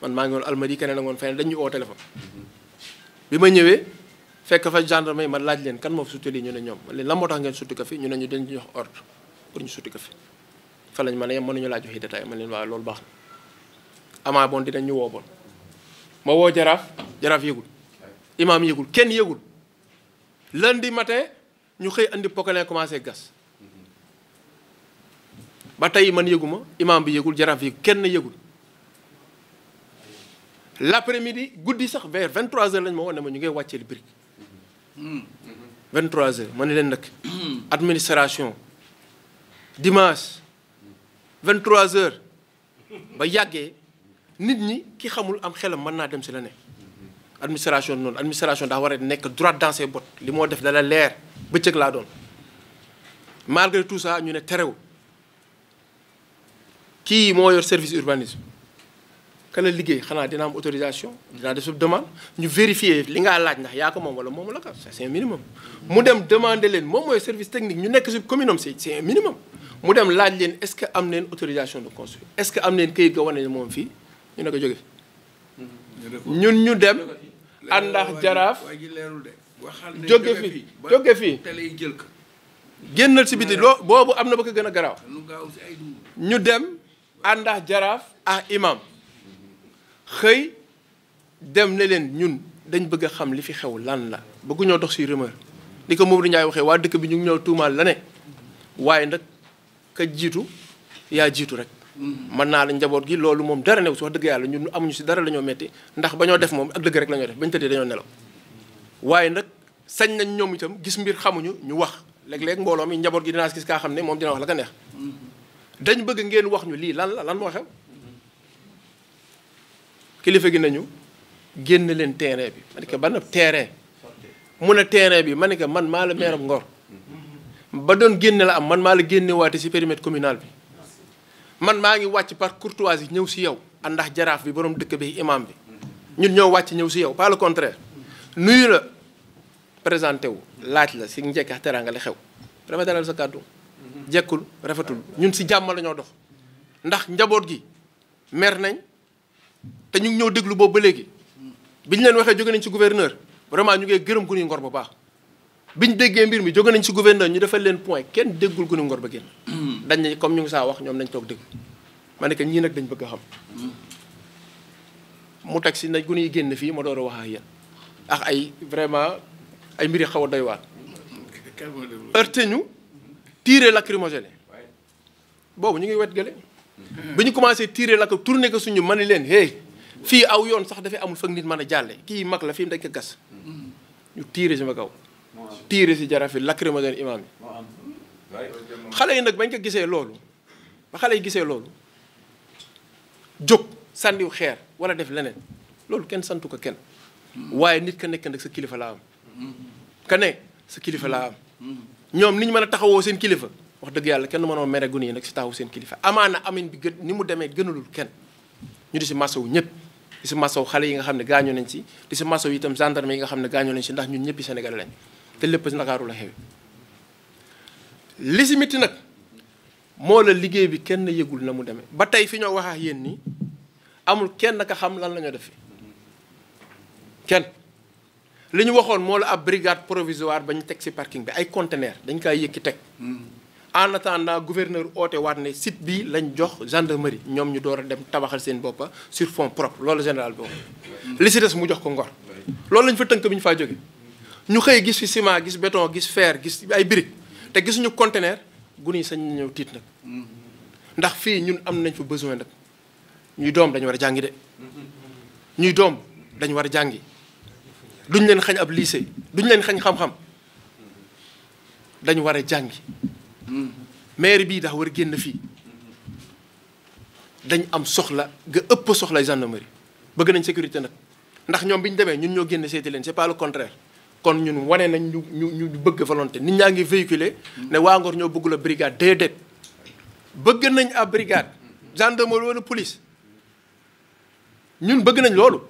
man maa ngi woon Almadies keneen ak woon feneen dañ ñu oo téléphone. bi ma ñëwee fekk fa gendarmerie ma laaj leen kan moo fa sutti lii ñu ne ñoom man leen lan moo tax ngeen sutti ko fi ñu ne ñu dañ jox ordre pour ñu sutti ko fi. fa lañ ma ne mënuñu laa joxe détail man leen waaye loolu baax na amaa bon dinañ ñu woo bon ma woo jaraaf jaraaf yëgul imaam yëgul kenn lan di matin ñu xëy andi pokole commencé gas. ba tey man yëguma imaam bi yëgul jaraaf yëgul kenn yëgul l'après-midi guddi sax vers 23h lañ ma woon ne ma ñu ngi wàcceel brique 23h ma ne leen nag administration dimanche 23h ba yàggee nit ñi ki xamul am xelam mën naa dem si la ne. administration noonu administration daa war a nekk droite dans ses bottes li moo def dala leer bëccëg laa doon malgré tout ça ñu ne terewul. kii moo yor service urbanisme la liggéey xanaa dina am autorisation dina def sub demande ñu vérifier li ngaa laaj ndax yaa ko moom wala moom la ko c'est un minimum mu dem demande leen moom mooy service technique ñu nekk si commune am c'est minimum mu dem laaj leen est-ce que am leen autorisation de construire est-ce que am neen këyit ga wane ne moom fii ñu ne ko jóge fi ñun ñu dem àndax jaraaf jóge fi jóge fi génnal si biti loo boobu am na ba ko gën a garaaw ñu dem ànd jaraaf ak imam xëy dem ne leen ñun dañ bëgg a xam li fi xew lan la bëgguñoo dox si rumeur ni ko Mamadou Ndiaye waxee waa dëkk bi ñu ñëw tuumaal la ne waaye nag ka jiitu yaa jiitu rek man naa la njaboot gi loolu moom dara new si wax dëgg yàlla ñun amuñu si dara lañoo ñoo metti ndax ba ñoo def moom ak dëgg rek la def bañ tëddee dañoo nelaw waaye nag sañ nañ ñoom itam gis mbir xamuñu ñu wax léeg-léeg mbooloo mi njaboot gi dinaa gis kaa xam ne moom dina wax la ka neex dañ bëgg ngeen wax ñu lii lan la lan moo xew kilifa gi nañu génn leen terrain bi ma ne ko ban terrain mu ne terrain bi ma ne ko man maa la maire Ngor ba doon génne la am man maa la génne waate ci périmètre communal bi man maa ngi wàcc par yi ñëw ci yow andax jaraaf bi borom dëkk bi imam bi ñun ñoo wàcc ñëw si yow pas le contraire nuyu la présenté wu laaj la ci njëkk ak teraanga li xew dama dalal sa kàddu jekkul rafetul ñun si jàmm lañoo ñoo dox ndax njaboot gi mer nañ te ñu ngi ñëw déglu boobu ba léegi biñ leen waxee jóge nañ si gouverneur vraiment ñu gërëm ku ñuy ngor ba baax biñ déggee mbir mi jóge nañ si gouverneur ñu defal leen point kenn déggul ku ñuy ngor ba génn dañ ne comme ñu ngi saa wax ñoom nañ toog déglu ma ne que ñii nag dañ bëgg a xam mu teg si na gu ñuy génn fii ma door a wax a yéen ak ay vraiment ay mbir yi xaw a doy waar heurte ñu tirer lacrymogène boobu ñu ngi wet gële bi ñu commencé tirer la ko suñu mën leen hey fii aw yoon sax dafay amul fag nit mën a jàlle kii mag la fii dañ ko gas ñu tiire si ma kaw tiire si jaraf yi lacrymogène imaam yi xale yi nag bañ ko gisee loolu ba xale yi gisee loolu jóg sànniw xeer wala def leneen loolu kenn santu ko kenn waaye nit ka nekk nag sa kilifa laa am ka ne sa kilifa laa am ñoom ni ñu mën a taxawoo seen kilifa wax dëgg yàlla kenn mënoo mere gune yi nag si taxaw seen kilifa amaana amin bi gën ni mu demee gënalul kenn ñu di si masawu ñëpp di si masawu xale yi nga xam ne gaañoo nañ si si masawu itam gendarme yi nga xam ne gaañoo nañ si ndax ñu ñëpp Sénégal lañ te lépp Ndakaaru la xewi li si métti nag moo la liggéey bi kenn yëgul na mu demee ba tey fi ñoo wax ak yéen nii amul kenn ka xam lan la defee kenn li ñu waxoon moo la ab brigade provisoire ba ñu teg ci parking bi ay conteneurs dañ koy yëkki teg. Hmm. en attendant gouverneur oote waat ne sit bi lañ jox gendarmerie ñoom ñu door a dem tabaxal seen boppa sur fond propre loolu général boobu. Hmm. li ci des mu jox ko ngor. loolu lañ fa tënk bi ñu faa jóge ñu xëy gis fi ciment gis béton gis fer gis ay briques te gisuñu conteneur guni sañ na ñëw tiit nag. Hmm. ndax fii ñun am nañ fa besoin nag ñuy doom dañu war a jàngi de. ñuy doom dañu war a jàngi. duñ leen xañ ab lycée duñ leen xañ xam-xam dañ war a jàngi maire bii dax war génn fii dañ am soxla ga ëpp soxla gendarmerie bëgg nañ sécurité nag ndax ñoom bi ñu demee ñun ñoo génn seeti leen c'est pas le contraire kon ñun wane nañ ñu ñu ñu bëgg volonté nit ñaa ngi véhiculer ne waa Ngor ñoo bëgg la brigade déedéet bëgg nañ ab brigade gendarmerie wala police ñun bëgg nañ loolu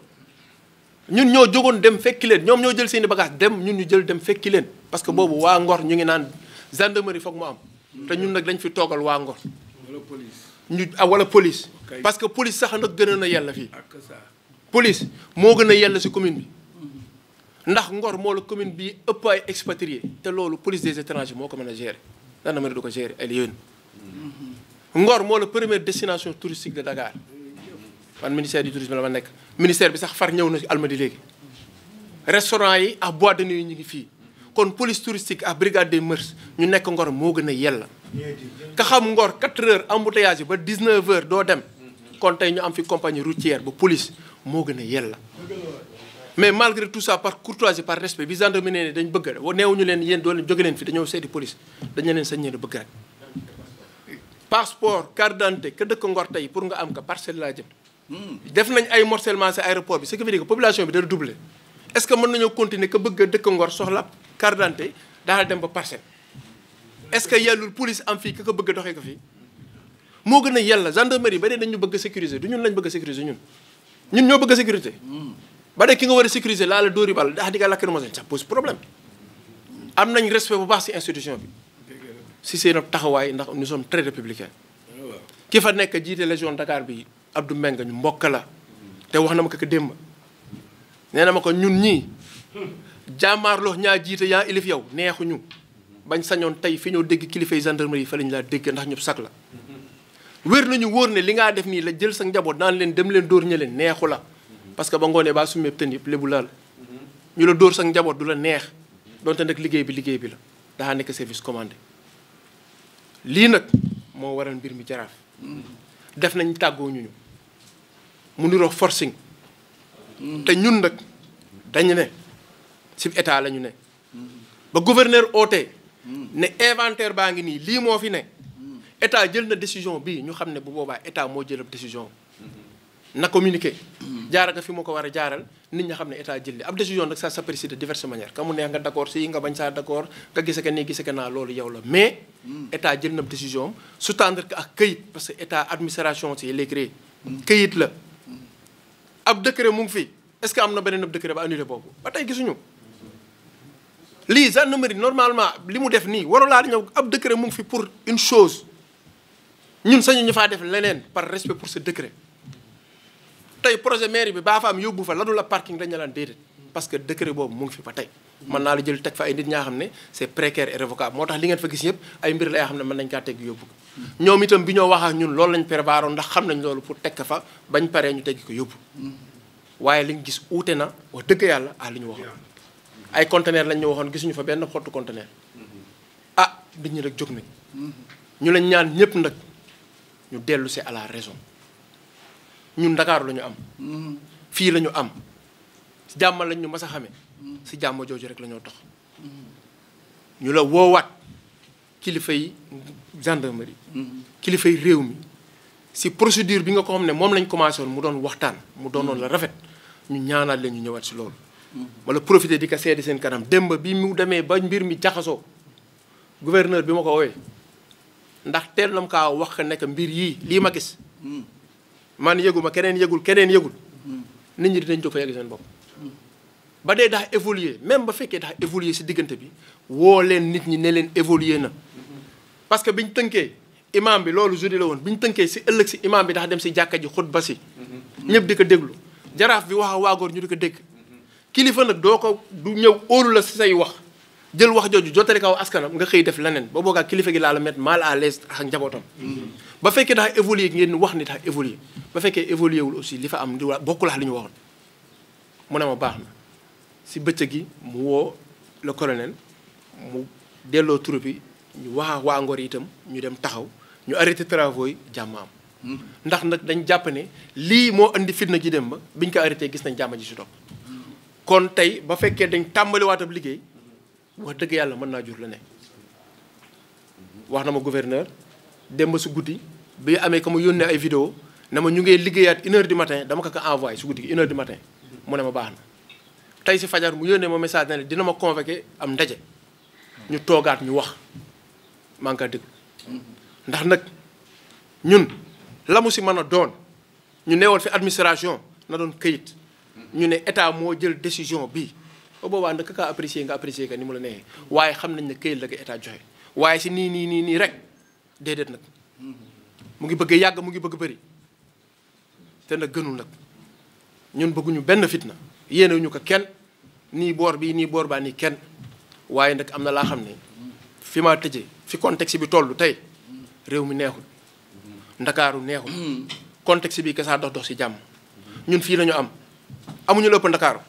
ñun ñoo jógoon dem fekki leen ñoom ñoo jël seen i bagage dem ñun ñu jël dem fekki leen parce que boobu waa Ngor ñu ngi naan gendarmerie foog mu am te ñun nag dañ fi toogal waa Ngor wala police ñu ah, wala police parce que police sax nag gënoon a yella fii police moo gën a yella si commune bi ndax Ngor moo la commune bi ëpp ay expatrié te loolu police des étrangers moo ko mën a gérer gendarmerie du ko gérer ay yéen mm-hmm. Ngor moo la première destination touristique de Dakar man ministère du tourisme la ma nekk ministère bi sax far ñëw na almadi léegi restaurant yi ak bois de nuit ñu ngi fii kon police touristique ak brigade des mœurs ñu nekk Ngor moo gën a yella ka xam Ngor 4 heures embouteillage yi ba 19 heures doo dem kon tey ñu am fi compagnie routière ba police moo gën a yella mais malgré tout ça par courtoisie par respect bi gendarmerie nee dañ bëgg rek neewuñu leen yéen doo leen jóge leen fi dañoo seeti police dañu leen sañ leen bëgg rek passeport carte d'identité ka dëkk Ngor tey pour nga am ka parcelle laa jëm def nañ ay morcellement ci aéroport bi ce qui population bi dana doublé est-ce que mën nañoo continuer que bëgg a dëkk Ngor soxla carte d'identité daal dem ba parcelle est-ce que yellul police am fii ka bëgg doxee ko fii moo gën a yàlla gendarmerie ba dee dañu bëgg sécuriser du ñun lañ bëgg a sécuriser ñun ñun ñoo bëgg a sécurité ba dee ki nga war a sécuriser laa la dóori bal ndax di nga lacrymogène ça pose problème am nañ respect bu baax ci institution bi ci taxawaay ndax nous sommes très républicains ah ki fa nekk jiite légion Dakar bi abdu Mbengue ñu mbokk la te wax na ma ko ko démb nee na ma ko ñun ñii jaamaarloo ñaa jiite yaa ilif yow neexuñu bañ sañoon tey fi ñoo dégg kilifa yi gendarmerie yi fa lañ laa dégg ndax ñëpp sag la wér nañu wóor ne li ngaa def nii la jël sa njaboot daan leen dem leen dóor ña leen neexu la parce que ba ngoonee baa summee tën yëpp lébu laal ñu la dóor sa njaboot du la neex donte nag liggéey bi liggéey bi la daa nekk service commandé lii nag moo waral mbir mi jaraaf def nañ tàggoo mu niroog forcing te ñun nag dañu ne si état la ñu ne ba gouverneur oote ne inventaire baa ngi nii lii moo fi ne état jël na décision bii ñu xam ne bu boobaa état moo jël ab décision na communiqué jaaral nga fi moo ko war a jaaral nit ñi xam ne état jël li ab décision nag ça s'apprécie de diverses manières ka mu neex nga d'accord si nga bañ saa d'accord nga gise ka nii gise ka naa loolu yow la mais état jël na décision su sous-tendre ak këyit parce que état administration c'est les créé këyit la ab décret mu ngi fi est-ce que am na beneen ab décret ba annulé boobu ba tey gisuñu lii gendarmerie normalement li mu def nii warulaa ñëw ab décret mu ngi fi pour une chose ñun sañu ñu faa def leneen par respect pour ce décret tey projet mairie bi baa fa am yóbbu fa la dul la parking dañu laan déedéet parce que décret boobu mu ngi fi ba tey mën naa la jël teg fa ay nit ñaa xam ne c'est précaire et révocable moo tax li ngeen fa gis yëpp ay mbir la yoo xam ne mën nañ kaa teg yóbbu ñoom itam bi ñoo wax ñun loolu lañu prévaroon ndax xam nañ loolu pour teg ka fa bañ paree ñu teggi ko yóbbu waaye liñ gis uute na wax dëgg yàlla ah li ñu waxoon ay conteneur lañu waxoon gisuñu fa benn xottu conteneur ah nit ñi rek jóg nañ ñu lañ ñaan ñëpp nag ñu dellu si à la raison ñun Dakar lañu am mm-hmm. fii la ñu am jàmm lañ ñu mas a xamee si jàmm jooju rek lañoo ñoo ñu la woowaat kilifa yi gendarmerie kilifa yi réew mi si procédure bi nga ko xam ne moom lañ commencé woon mu doon waxtaan mu doonoon la rafet ñu ñaanaat leen ñu ñëwaat si loolu wala profité di ko seede seen kanam démb bi mu demee ba mbir mi jaxasoo gouverneur bi ma ko woowee ndax teel na mu kaa wax nekk mbir yii lii ma gis man yëgu ma keneen yëgul keneen yëgul hmm. nit ñi dinañ jóg fa yegg seen bopp ba dee daa évoluer même ba fekkee daa évoluer si diggante bi woo leen nit ñi ne leen évoluer na parce que biñ tënkee imam bi loolu judi la woon biñ tënkee si ëllëg si imam bi daa dem si jàkka ji ba si ñëpp di ko déglu jaraaf bi wax a waagoor ñu di ko dégg kilifa nag doo ko du ñëw óolu la si say wax jël wax jooju jotali kaw askanam nga xëy def leneen ba boogaa kilifa gi laa la mettre mal à l'aise ak njabootam ba fekkee daa évoluer ngeen wax ni daa évoluer ba fekkee évoluer wul aussi li fa am di bokkul ak ñu waxoon mu ne baax na si bëccëg gi mu woo le colonel mu delloo tropi bi ñu wax waa Ngor itam ñu dem taxaw ñu arrêté travaux yi jàmm am ndax nag dañ jàpp ni lii moo indi fitna ji dem ba bi biñ ko arrêté gis nañ jàmm ji si topp kon tey ba fekkee dañ tàmbaliwaat ab liggéey wax dëgg yàlla mën naa jur la ne wax na ma gouverneur dem ba su guddi bi amee ko mu yónnee ay vidéo na ma ñu ngee liggéeyaat une heure du matin dama ko ko envoyé su guddi gi une heure du matin mu ne ma baax na tey si fajar mu yónnee ma message ne dina ma convoqué am ndaje ñu toogaat ñu wax maa ngi dëgg ndax nag ñun lamu si mën a doon ñu neewoon fi administration na doon këyit ñu ne état moo jël décision bi ba boobaa nag ka apprécier nga apprécier ka ni mu la neexee waaye xam nañ ne këyit la ko état joxe waaye si nii nii nii nii rek déedéet nag mu ngi bëgg yàgg mu ngi bëgg bëri te nag gënul nag ñun bëgguñu benn fitna yéene ñu ko kenn. nii boor bii nii boor baa nii kenn waaye nag am na laa xam ne fi maa tëje fi contexte bi toll tey réew mi neexul ndakaaru neexul contexte bi kasaa dox dox si jàmm ñun fii lañu am amuñu lépp ndakaaru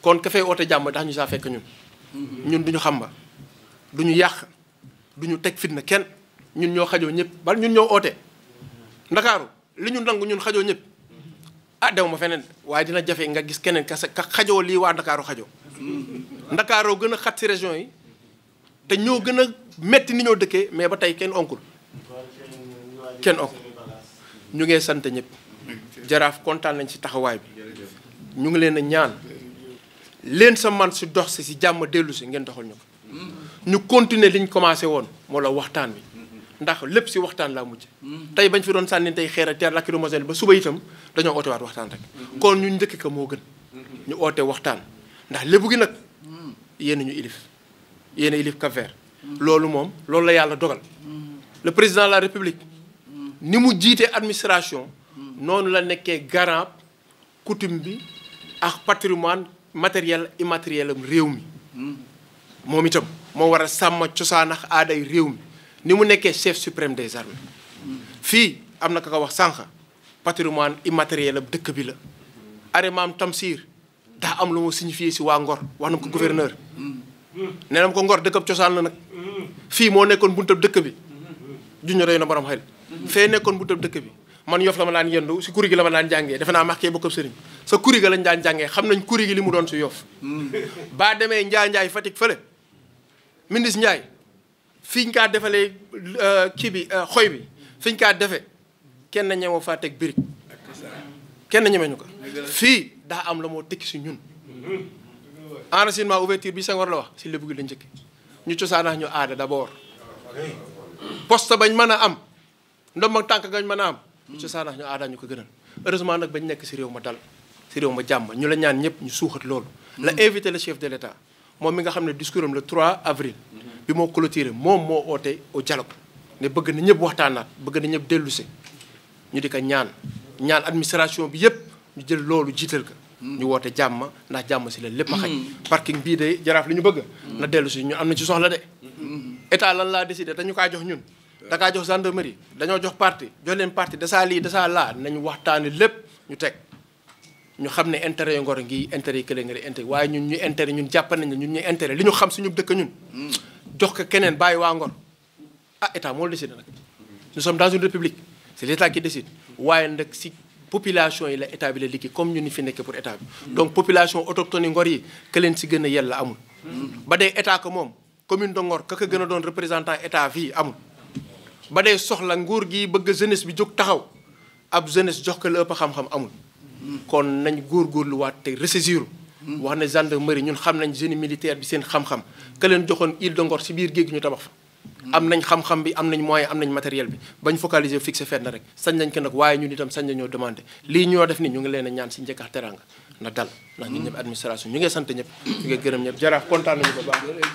kon ka fay oote jàmm tax ñu saa fekk ñun ñun duñu xamba duñu yàq duñu teg fitna kenn ñun ñoo xajoo ñëpp bal ñun ñoo oote ndakaaru li ñu nangu ñun xajoo ñëpp ah dew ma feneen waaye dina jafe nga gis keneen kase ka xajoo lii waa ndakaaru xajoo ndakaaroo gën a xat si région yi te ñoo gën a metti ni ñoo dëkkee mais ba tey kenn onkul kenn onkul ñu ngee sant ñëpp jaraaf kontaan nañ si taxawaay bi ñu ngi leen a ñaan leen sa man si dox si si jàmm dellu si ngeen doxal ñu ko ñu continuer liñ commencé woon moo la waxtaan bi ndax lépp si waxtaan laa mujj tey bañ fi doon sànni tey xeer ak teer lacrymogène ba suba itam dañoo ootewaat waxtaan rek kon ñu njëkk ka moo gën ñu oote waxtaan ndax lépp gi nag yéen ñu ilif yéen ilif cap loolu moom loolu la yàlla dogal le président la république ni mu jiite administration noonu la nekkee garant coutume bi ak patrimoine matériel immatériel réew mi moom itam moo war a sàmm cosaan ak aaday réew mi ni mu nekkee chef suprême des armées fii am na ka ko wax sànq patrimoine immatériel am dëkk bi la aremaam Tamsir daa am lu mu signifié si waa Ngor wax na ko gouverneur nee na ko Ngor dëkkab cosaan la nag fii moo nekkoon buntab dëkk bi juñu doy na borom xel fee nekkoon buntab dëkk bi man yof la ma daan yendu si kuri gi la ma daan jànge defe naa marqué bokkab sëriñ sa kuri ga lañ daan jàngee xam nañ kuri gi li mu doon si yof baa demee Njaay Njaay Fatick fële Mindis Njaay fii ñu kaa defalee euh, kii bi euh, xoy bi fi ñu kaa defee kenn ñemoo faa teg birig kenn ñemeñu ko fii daa am la moo tekki si ñun enracinement ouverture bi Senghor la wax si lépp bugg la njëkk ñu cosaanax ñu aada d'abord poste bañ mën a am ndoom ak tànk gañ mën a am ñu cosaanax ñu aada ñu ko gënal heureusement nag bañ nekk si réew ma dal si réew ma jàmm ñu la ñaan ñëpp ñu suuxat loolu la invité le chef de l'État moom mi nga xam ne discours am le 3 avril bi moo clôturé moom moo oote au dialogue ne bëgg na ñëpp waxtaanaat bëgg na ñëpp dellusi ñu di ko ñaan ñaan administration bi yëpp ñu jël loolu jiital ko. ñu woote jàmm ndax jàmm si la lépp a xaj. bii de jaraaf li ñu bëgg. na dellu si ñu am na ci soxla de. état lan laa décidé dañu kaa jox ñun. da kaa jox gendarmerie dañoo jox parti jox leen parti dasaa lii dasaa laa nañu waxtaanee lépp ñu teg. ñu xam ne intérêt yu ngor ngi intere yi kële nga di intérêt waaye ñun ñu intérêt ñun jàpp nañu ñun ñu intérêt li ñu xam suñu dëkk ñun. jox ko keneen bàyyi waa Ngor ah état moo la décidé nag nous sommes dans une république c' est l' état waaye nag si population yi la état bi la liggéey comme ñu ni fi nekkee pour état bi. donc population autochtone yi Ngor yi ka leen si gën a yàlla amul. ba dee état ko moom commune de Ngor ka gën a doon représentant état fii amul. ba dee soxla nguur gi bëgg jeunesse bi jóg taxaw ab jeunesse jox ko la ëpp xam-xam amul kon nañ góorgóorluwaat te ressaisiru wax ne gendarmerie ñun xam nañ génie militaire bi seen xam-xam ke leen joxoon île de Ngor si biir géej ñu tabax fa am nañ xam-xam bi am nañ moyen am nañ matériel bi bañ focaliser fixé fenn rek sañ nañ ko nag waaye ñun itam sañ nañoo demande lii ñoo def ni ñu ngi leen a ñaan si njëkk ak teraanga na dal ndax ñun ñëpp administration ñu ngi sant ñëpp ñu ngi gërëm ñëpp jaraaf kontaan nañu ba baax